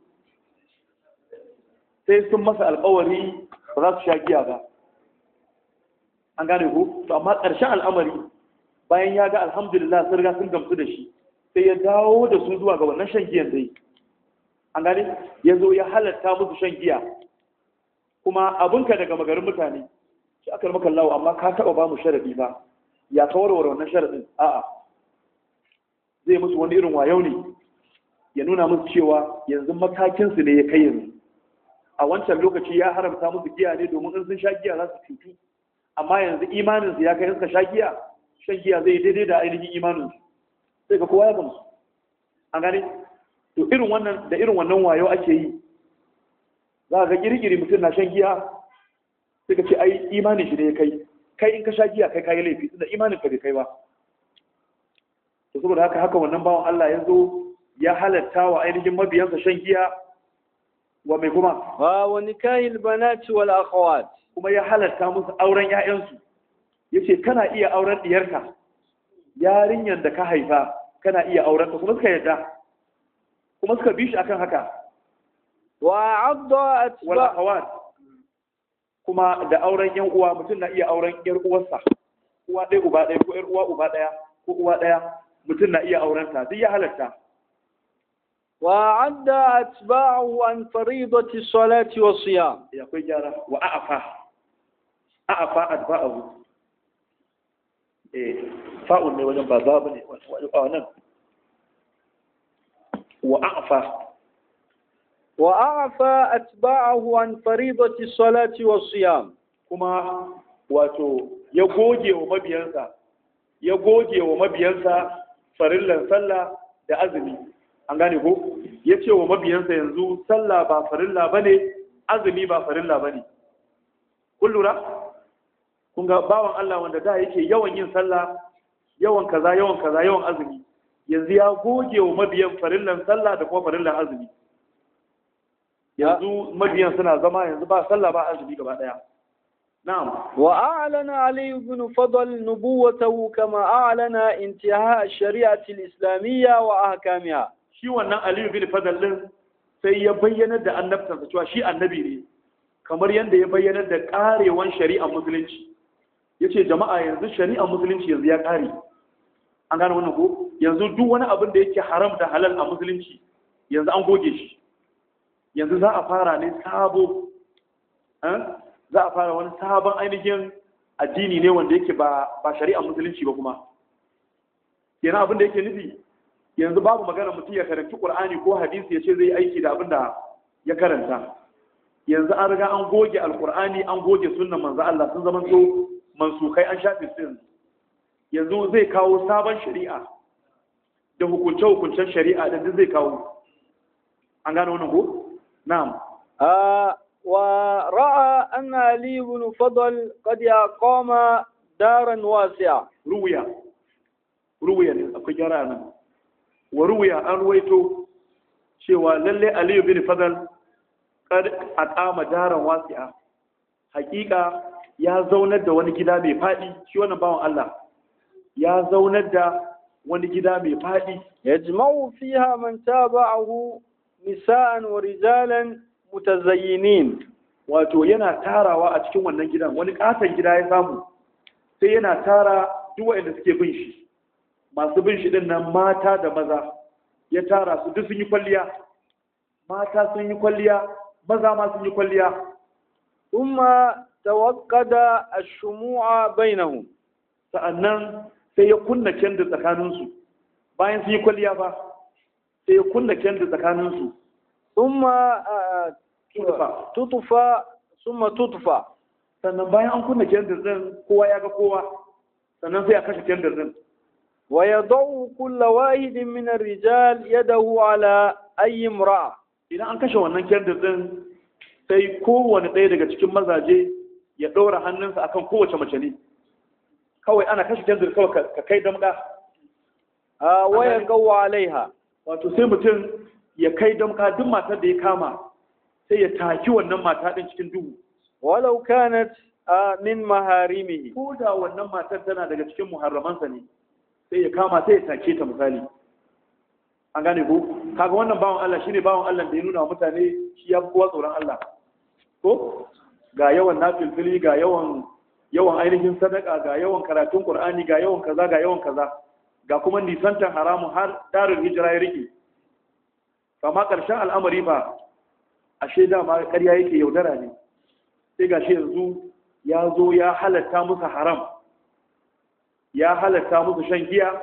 sai sun masa alƙawari ba za su sha giya ba an gane ko to amma ƙarshen al'amari bayan ya ga alhamdulillah sun riga sun gamsu da shi sai ya dawo da su zuwa ga wannan shan giyan dai an gane ya zo ya halatta musu shan giya kuma abinka daga magarin mutane shi aka maka lawo amma ka taɓa ba mu sharadi ba ya ka warware wannan sharadin a'a zai musu wani irin wayau ne ya nuna musu cewa yanzu matakinsu ne ya kai yanzu a wancan lokaci ya haramta musu giya ne domin in sun sha giya za su cutu amma yanzu imaninsu ya kai in suka sha giya shan giya zai daidai da ainihin imaninsu sai ga kowa ya gamsu an gane to irin wannan da irin wannan wayo ake yi za ka girgiri mutum na shan giya sai ka ce ai imanin shi ne kai kai in ka sha giya kai kayi laifi tunda imanin ka bai kai ba to saboda haka haka wannan bawan Allah ya zo ya halatta wa ainihin mabiyansa shan giya wa mai kuma wa wani kayin banati wal akhawat kuma ya halatta musu auren ƴaƴansu yace kana iya auren diyarka yarinyar da ka haifa kana iya auren ka kuma suka yarda kuma suka bi shi akan haka Wa wa'addat wal akhawat kuma da auren yan uwa mutum na iya auren yar uwarsa uwa ɗaya uba ɗaya ko yar uwa uba ɗaya ko uwa ɗaya mutum na iya auren ta duk ya halatta wa'addat ba'u an faridati salati wa siyam ya kai gyara wa a'afa a'afa adba'u eh Fa'u ne wajen ba babu ne wannan wa a'afa Wa wa siyam kuma wato ya goge wa mabiyansa ya goge wa mabiyansa farillan sallah da azumi an gane ko ya ce wa mabiyansa yanzu sallah ba farilla ba ne azumi ba farilla ba ne kun lura kun ga bawan Allah wanda da yake yawan yin sallah yawan kaza yawan kaza yawan azumi yanzu ya goge wa mabiyan farillan sallah da kuma farillan azumi yanzu mabiyan suna zama yanzu ba sallah ba azumi gaba daya ibn fadl علي kama a'lana نبوته ash-shari'ati al-islamiyya wa وأحكامها Shi wannan Ali bin Fadl sai ya bayyana da annabtansa cewa shi annabi ne kamar yadda ya bayyana da karewan shari'ar musulunci yace jama'a yanzu shari'ar musulunci yanzu ya kare an gane wannan ko yanzu duk wani abin da yake haram da halal a musulunci yanzu an goge shi yanzu za a fara ne sabo eh? za a fara wani sabon ainihin addini ne wanda yake ba shari'a musulunci ba kuma yana abin da yake nufi yanzu babu magana mutum ya karanci Kur'ani ko hadisi ya ce zai aiki da abin da ya karanta yanzu an riga an goge alƙur'ani an goge sunnan manzo Allah sun zama so mansukai an shafe sun yanzu zai kawo sabon shari'a da hukunce hukuncen shari'a da zai kawo an gane wannan ko نعم ورأى أن علي بن فضل قد أقام دارا واسعة رويا رويا أقجرانا ورويا أن شوى للي علي بن فضل قد أقام دارا واسعة حقيقة ya zaunar da wani gida mai faɗi shi wannan bawan Allah ya zaunar da wani gida mai faɗi yajma'u fiha man tabahu nisa'an wa rijalan mutazayyinin wato yana tarawa a cikin wannan gidan wani katon gida ya samu sai yana tara duk waɗanda suke bin shi masu bin shi din nan mata da maza ya tara su duk sun yi kwalliya mata sun yi kwalliya maza ma sun yi kwalliya umma tawaqqada ash-shumu'a bainahum sa'annan sai ya kunna kendir tsakaninsu bayan sun yi kwalliya ba sai ya kunna kendir tsakanin su thumma tutufa thumma tutufa sannan bayan an kunna kendir din kowa ya ga kowa sannan sai a kashe kendir din wa dau kullu wahidin min ar-rijal yadahu ala ayyi imra'a idan an kashe wannan kendir din sai kowane ɗaya daga cikin mazaje ya ɗora hannunsa akan kowace mace ne kawai ana kashe kendir kawai ka kai damga a wayan gawa alaiha wato sai mutum ya kai damka duk matar da ya kama sai ya taki wannan mata din cikin duhu walau kanat min maharimihi ko da wannan matar tana daga cikin muharramansa ne sai ya kama sai ya take ta misali an gane ko kaga wannan bawan Allah shine bawan Allah da ya nuna wa mutane shi ya kowa tsoron Allah ko ga yawan nafilfili ga yawan yawan ainihin sadaka ga yawan karatun Qur'ani ga yawan kaza ga yawan kaza ga kuma nisantar haramun har darin hijira ya rike kama ƙarshen al'amari ba ashe ma ƙarya yake yaudara ne sai gashi yanzu ya zo ya halatta musu haram ya halatta musu shan giya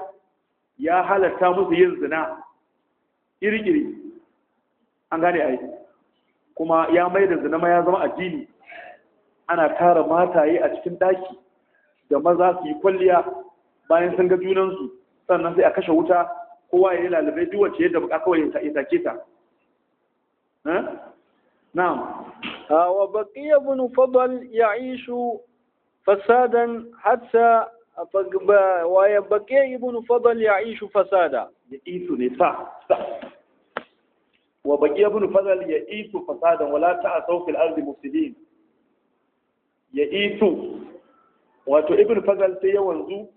ya halatta musu yin zina iri-iri an gane a kuma ya mai da zina ma ya zama addini ana tara mataye a cikin daki da maza su yi kwalliya bayan sun ga junansu sannan sai a kashe wuta kowa ya yi lalibai duk wacce yadda buka kawai ya take ta na'am wa baqiya ibn fadl ya'ishu fasadan hatta wa ya baqiya ibn fadl ya'ishu fasada ya'isu ne fa wa baqiya ibn fadl ya'isu fasadan wala ta'asaw fil ardi mufsidin ya'isu wato ibn fadl sai ya wanzu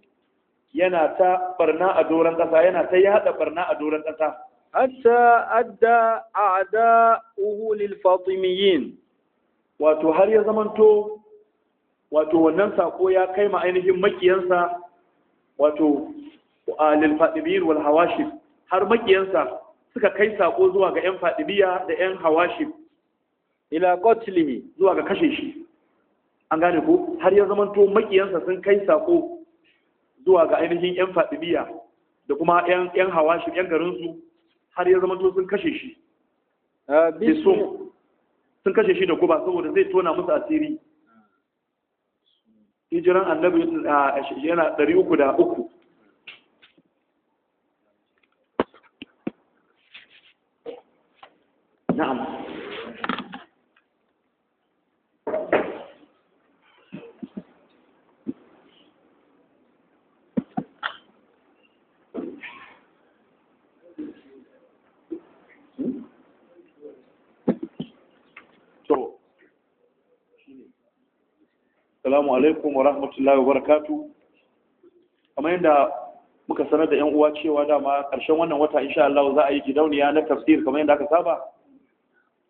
yana ta barna a doron ƙasa yana ta haɗa barna a doron ƙasa hatta adda a'da uhu lil fatimiyin wato har ya zamanto wato wannan sako ya kai ma ainihin makiyansa wato lil fatimiyin wal hawashif har makiyansa suka kai sako zuwa ga yan fatimiyya da yan hawashif ila qatlihi zuwa ga kashe shi an gane ko har ya zamanto makiyansa sun kai sako zuwa ga ainihin yan fatimiyya da kuma yan hawa shi yan garin su har ya zama to sun kashe shi ah, sun kashe shi da guba saboda zai tona musu asiri hijiran annabi ah, yana 303 na'am assalamu alaikum wa rahmatullahi wa barakatu kamar yadda muka sanar da 'yan uwa cewa dama ƙarshen wannan wata insha Allah za a yi gidauniya na tafsir kamar yadda aka saba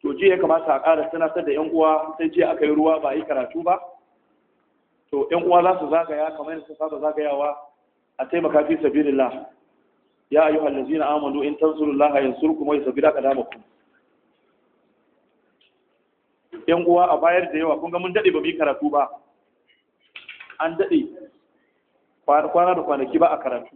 to jiya ya kamata a ƙara sanar da 'yan uwa sai jiya aka yi ruwa ba a yi karatu ba to 'yan uwa za su zagaya kamar yadda suka saba zagayawa a taimaka fi sabilillah ya ayyuhal ladzina amanu in tansurullaha yansurkum wa yusabbit qadamakum yan uwa a bayar da yawa kun ga mun dade ba mu karatu ba an daɗe kwana da kwanaki ba a karatu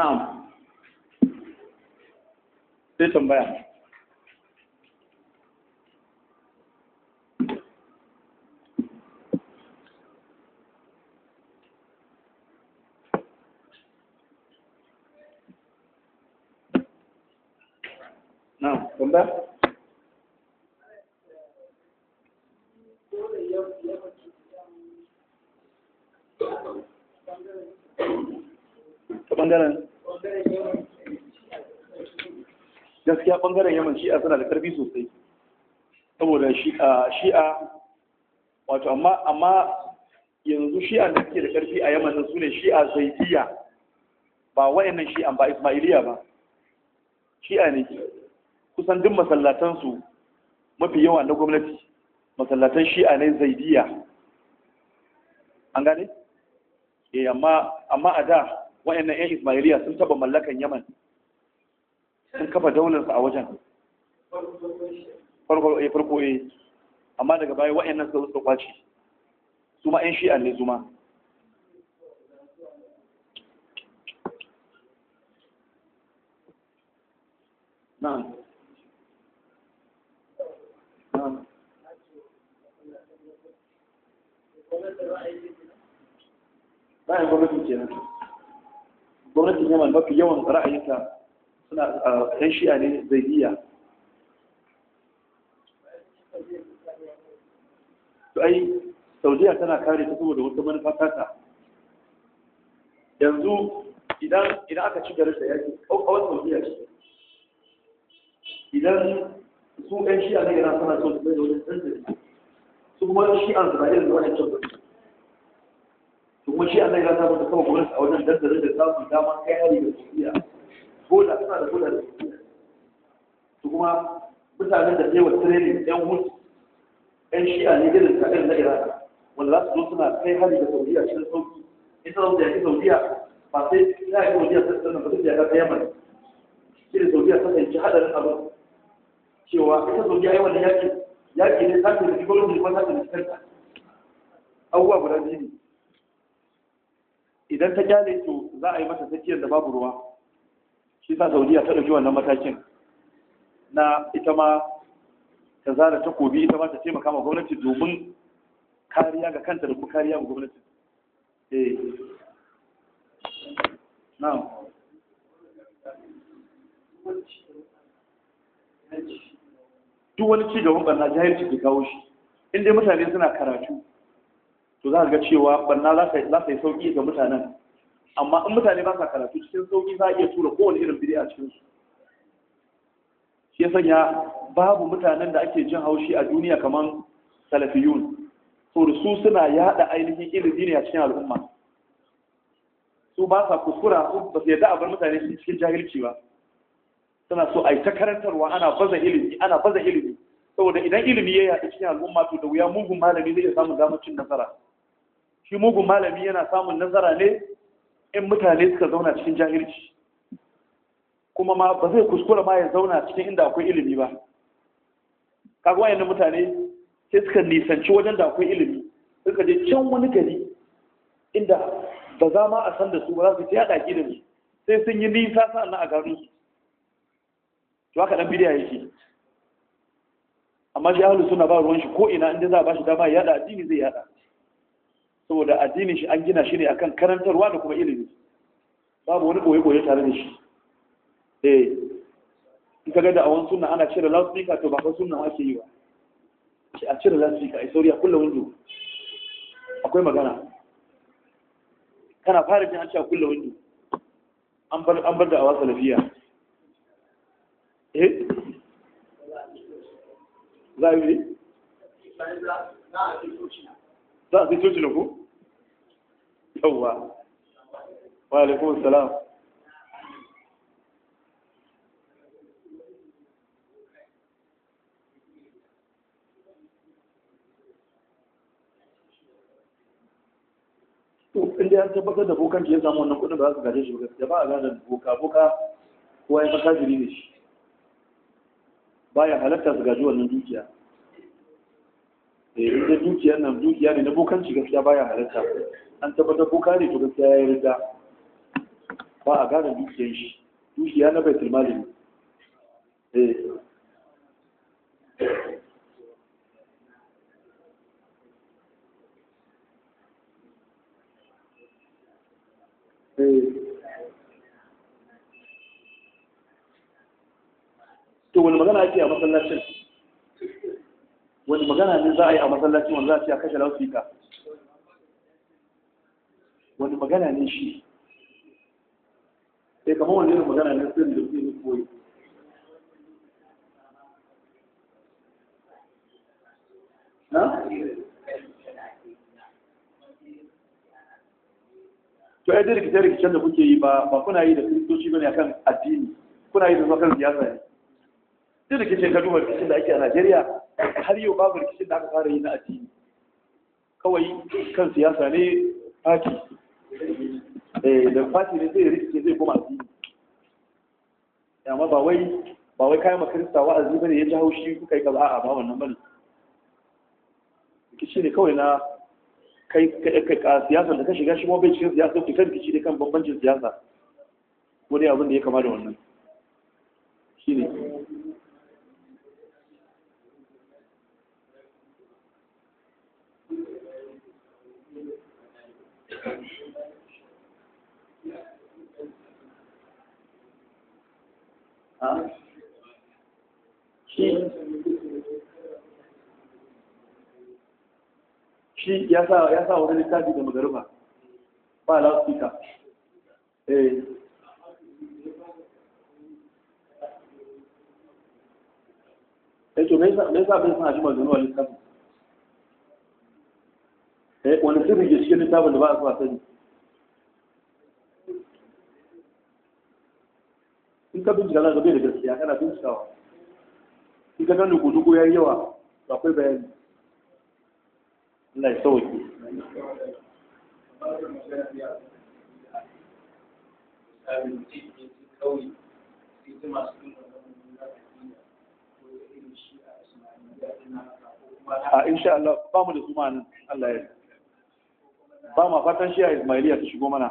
na'am sai tambaya gaskiya bangaren yaman shi'a suna da karfi sosai saboda shi'a wato amma amma yanzu shi'a da suke da karfi a yaman su ne shi'a zaidiya ba wa'annan shi'an ba ismailiya ba shi'a ne kusan duk masallatansu mafi yawa na gwamnati masallatan shi'a ne zaidiya an gane eh amma amma a da wa'annan 'yan ismailiya sun taba mallakan yaman sun kafa daularsa a wajen farko ya eh, farko ya eh. amma daga baya wa'annan su su kwaci su ma yan shi'a ne su ma na'am na'am ra'ayin gwamnati kenan gwamnati ne mafi yawan ra'ayinta suna ɗan shi'a ne zaidiya to ai saudiya tana kare ta saboda wata manufa tata yanzu idan aka ci garin da yaki kawai saudiya ce idan su ɗan shi'a ne yana sana son su da wani tsantsari su kuma shi'an su na irin da wani can to kuma shi'an ne yana sana da kama gwamnati a wajen dandarin da samun dama kai hari da saudiya bola suna da bola da su kuma mutanen da yawa training yan hutu yan shi'a ne irin ta irin na iran wanda za su zo suna kai hali da saudiya cikin sauki in ta saudiya ki saudiya ba sai ya yi saudiya ta sanar ba duk da ya ga yaman shi da saudiya ta fahimci hadarin abu. cewa ita saudiya yawan da yaki yaki ne ta tafi gwamnati kuma ta tafi kanta abubuwa guda biyu ne idan ta gyale to za a yi mata tsakiyar da babu ruwa shi sa saudiya ta ɗauki wannan matakin na ita ma ta zara takobi ita ma ta taimaka ma gwamnati domin kariya ga kanta da kuma kariya ga gwamnati eh. duk wani ci gaban barna jahilci ke kawo shi in dai mutane suna karatu to za ga cewa barna za su yi sauƙi ga mutanen amma in mutane ba sa karatu cikin sauƙi za a iya tura kowane irin a cikin su shi sanya babu mutanen da ake jin haushi a duniya kamar salafiyun to su suna yada ainihin ilimi ne a cikin al'umma su ba sa kuskura su ba su yarda a bar mutane cikin jahilci ba suna so a yi ta karantarwa ana baza ilimi ana baza ilimi saboda idan ilimi ya yaɗu cikin al'umma to da wuya mugun malami zai iya samun damar cin nasara shi mugun malami yana samun nasara ne in mutane suka zauna cikin jahilci kuma ma ba zai kuskura ma ya zauna cikin inda akwai ilimi ba kaga wayannan mutane sai suka nisanci wajen da akwai ilimi suka je can wani gari inda ba za ma a san da su ba za su ta yada da su sai sun yi nisa na a gano su to haka dan bidiya yake amma shi ahlus sunna ba ruwan shi ko ina inda za a shi dama ya yada addini zai yada saboda addinin shi an gina shi ne akan karantarwa da kuma ilimi babu wani boye-boye tare da shi eh in ka ga da awon sunna ana cire loudspeaker to ba fa sunna ake yi ba shi a cire loudspeaker ai sauri a kulle windo akwai magana kana fara jin an ce a kulle windo an bar an bar da awa salafiya eh za a yi za a sai coci na ko yawwa wa alaikum salam to inda ya tabbatar da bokan ya samu wannan kudin ba za su gaje shi gaskiya ba a gane boka boka kowa ya makajiri ne shi baya halatta su gaji wannan dukiya Eh, da dukiyar nan dukiya ne na bokanci gaskiya baya halatta an tabbatar boka ne to gaskiya ya rida ba a gane dukiyar shi dukiya na baitul mali ne eh. Eh. to wani magana ake a masallacin wani magana ne za a yi a masallacin wanda za a ce a kashe lausika wani magana ne shi sai eh, kamar wani irin magana ne sai da sirri koyi na? to ai rikice rikicen da kuke yi ba ba kuna yi da kristoci bane akan addini kuna yi da zuwa kan siyasa ne duk rikice ka duba kishin da ake a Najeriya har yau babu rikicin da aka fara yi na addini kawai kan siyasa ne fati eh, da fati ne zai rikice zai koma addini amma ba wai ba wai kayan makarista wa'azi bane ya ji haushi kuka yi kaza a ba wannan bane rikici ne kawai na kai ka siyasa da ka shiga shi bai cikin siyasa ku kan rikici ne kan bambancin siyasa wani abin da ya kama da wannan shine shi ya sa wani littafi da magariba ba loudspeaker eh ya ce mai sa bai sana ji maganuwa littafin eh wani sirri ke cikin littafin da ba a so sani in ka bincika za ka bai da gaskiya kana bincikawa in ka gani gudugu ya yi yawa to akwai bayani Allah ya sauke a insha Allah ba mu da su ma'anin Allah ya ba ma fatan shi a Ismailiya ta shigo mana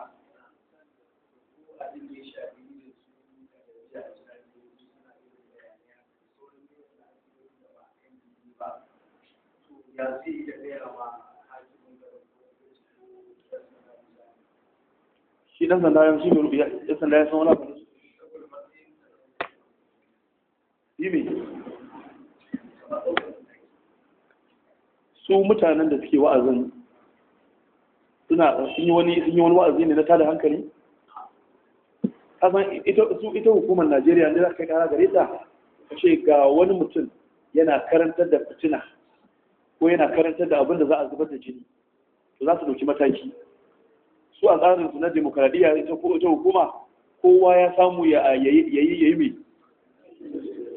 ba ya zai iya gaya wa hakimin garin shi dan sanda ya shi ne ya sanda ya san wani abu yi su mutanen da suke wa'azin suna sun yi wani sun yi wani wa'azi ne na tada hankali kasan ita su ita hukumar Najeriya ne za ka kai kara gare ta ce ga wani mutum yana karantar da fitina ko yana karantar da abin da za a zubar da jini to za su ɗauki mataki su a tsarin su na demokradiyya ita ko ita hukuma kowa ya samu ya yi yayi mai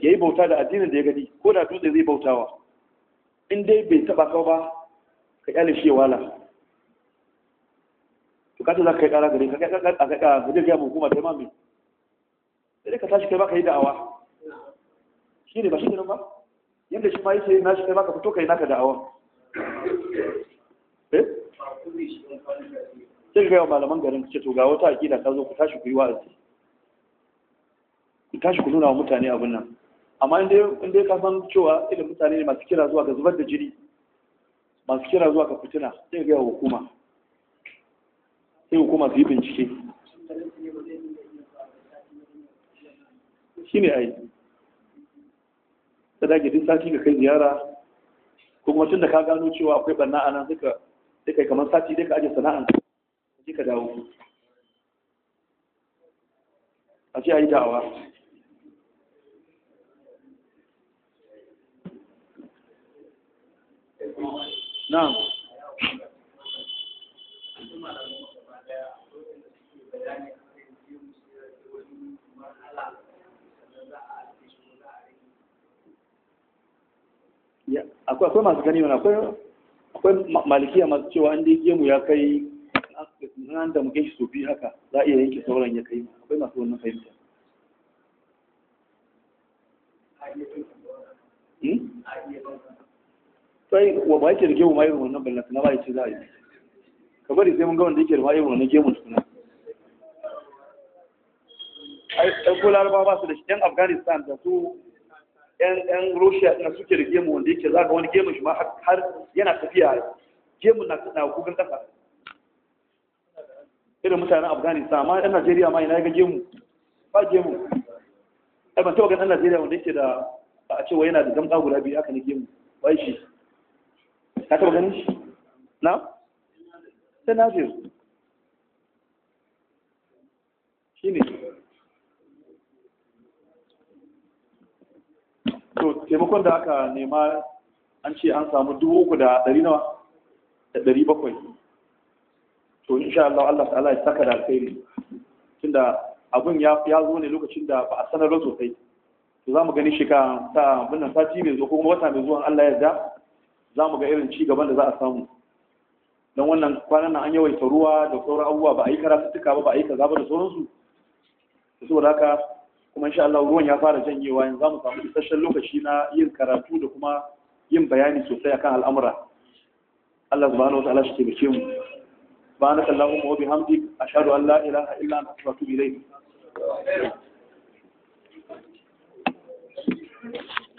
yayi bauta da addinin da ya gani ko da dutse zai bautawa in dai bai taba ka ba ka kyale shi wala to kace za ka yi kara gare ka ka ka ka ka ka hukuma ta mamaye sai ka tashi kai ba ka yi da'awa ne ba shi ne ba yadda shi ma yake na shi kai maka fito kai naka da'awan eh sai ga malaman garin ce to ga wata akida ta zo ku tashi ku yi wa'azi ku tashi ku nuna wa mutane abin nan amma in dai ka san cewa irin mutane ne masu kira zuwa ga zubar da jiri, masu kira zuwa ga fitina sai ga hukuma sai hukuma su yi bincike Shi ne aiki. ka dage duk sati ka kai ziyara ko kuma tunda ka gano cewa akwai banna a nan duka duka kamar sati ka aje sana'an ka je ka dawo a ce a yi da'awa na'am akwai akwai masu gani wani akwai akwai malikiya masu cewa an dai gemu ya kai nan da muke shi sofi haka hmm? za a iya yanke sauran ya kai akwai masu wannan fahimta sai wa ba yake da gemu ma irin wannan ballan na ba yace za a yi ka bari sai mun ga wanda yake da ma wannan gemu tukuna ai ko kula ba su da shi yan afghanistan da su yan russia na suke da gemu wanda yake zaga wani gemun shi ma har yana tafiya gemun na na gugun kasa irin mutanen afghanistan amma yan najeriya ma ina ga gemu ba gemu ai ban taɓa ɗan najeriya wanda yake da a cewa yana da damƙa guda biyu haka na gemu Ba shi ka taɓa ganin shi na sai na shi ne to taimakon da aka nema an ce an samu dubu uku da ɗari nawa da ɗari bakwai to insha Allah Allah ta'ala ya saka da alkhairi tunda abun ya ya zo ne lokacin da ba a sanar da sosai to za mu gani shekara ta wannan sati mai zo ko kuma wata mai zuwa Allah ya da za mu ga irin ci gaban da za a samu don wannan kwanan nan an yawaita ruwa da sauran abubuwa ba a yi karatuttuka ba ba a yi kaza ba da sauransu da saboda haka kuma insha Allah ruwan ya fara janyewa yanzu mu samu isasshen lokaci na yin karatu da kuma yin bayani sosai akan al'amura Allah subhanahu wa ta'ala shi ke bace mu subhanaka allahumma wa bihamdik ashhadu an la ilaha illa anta astaghfiruka wa atubu ilayk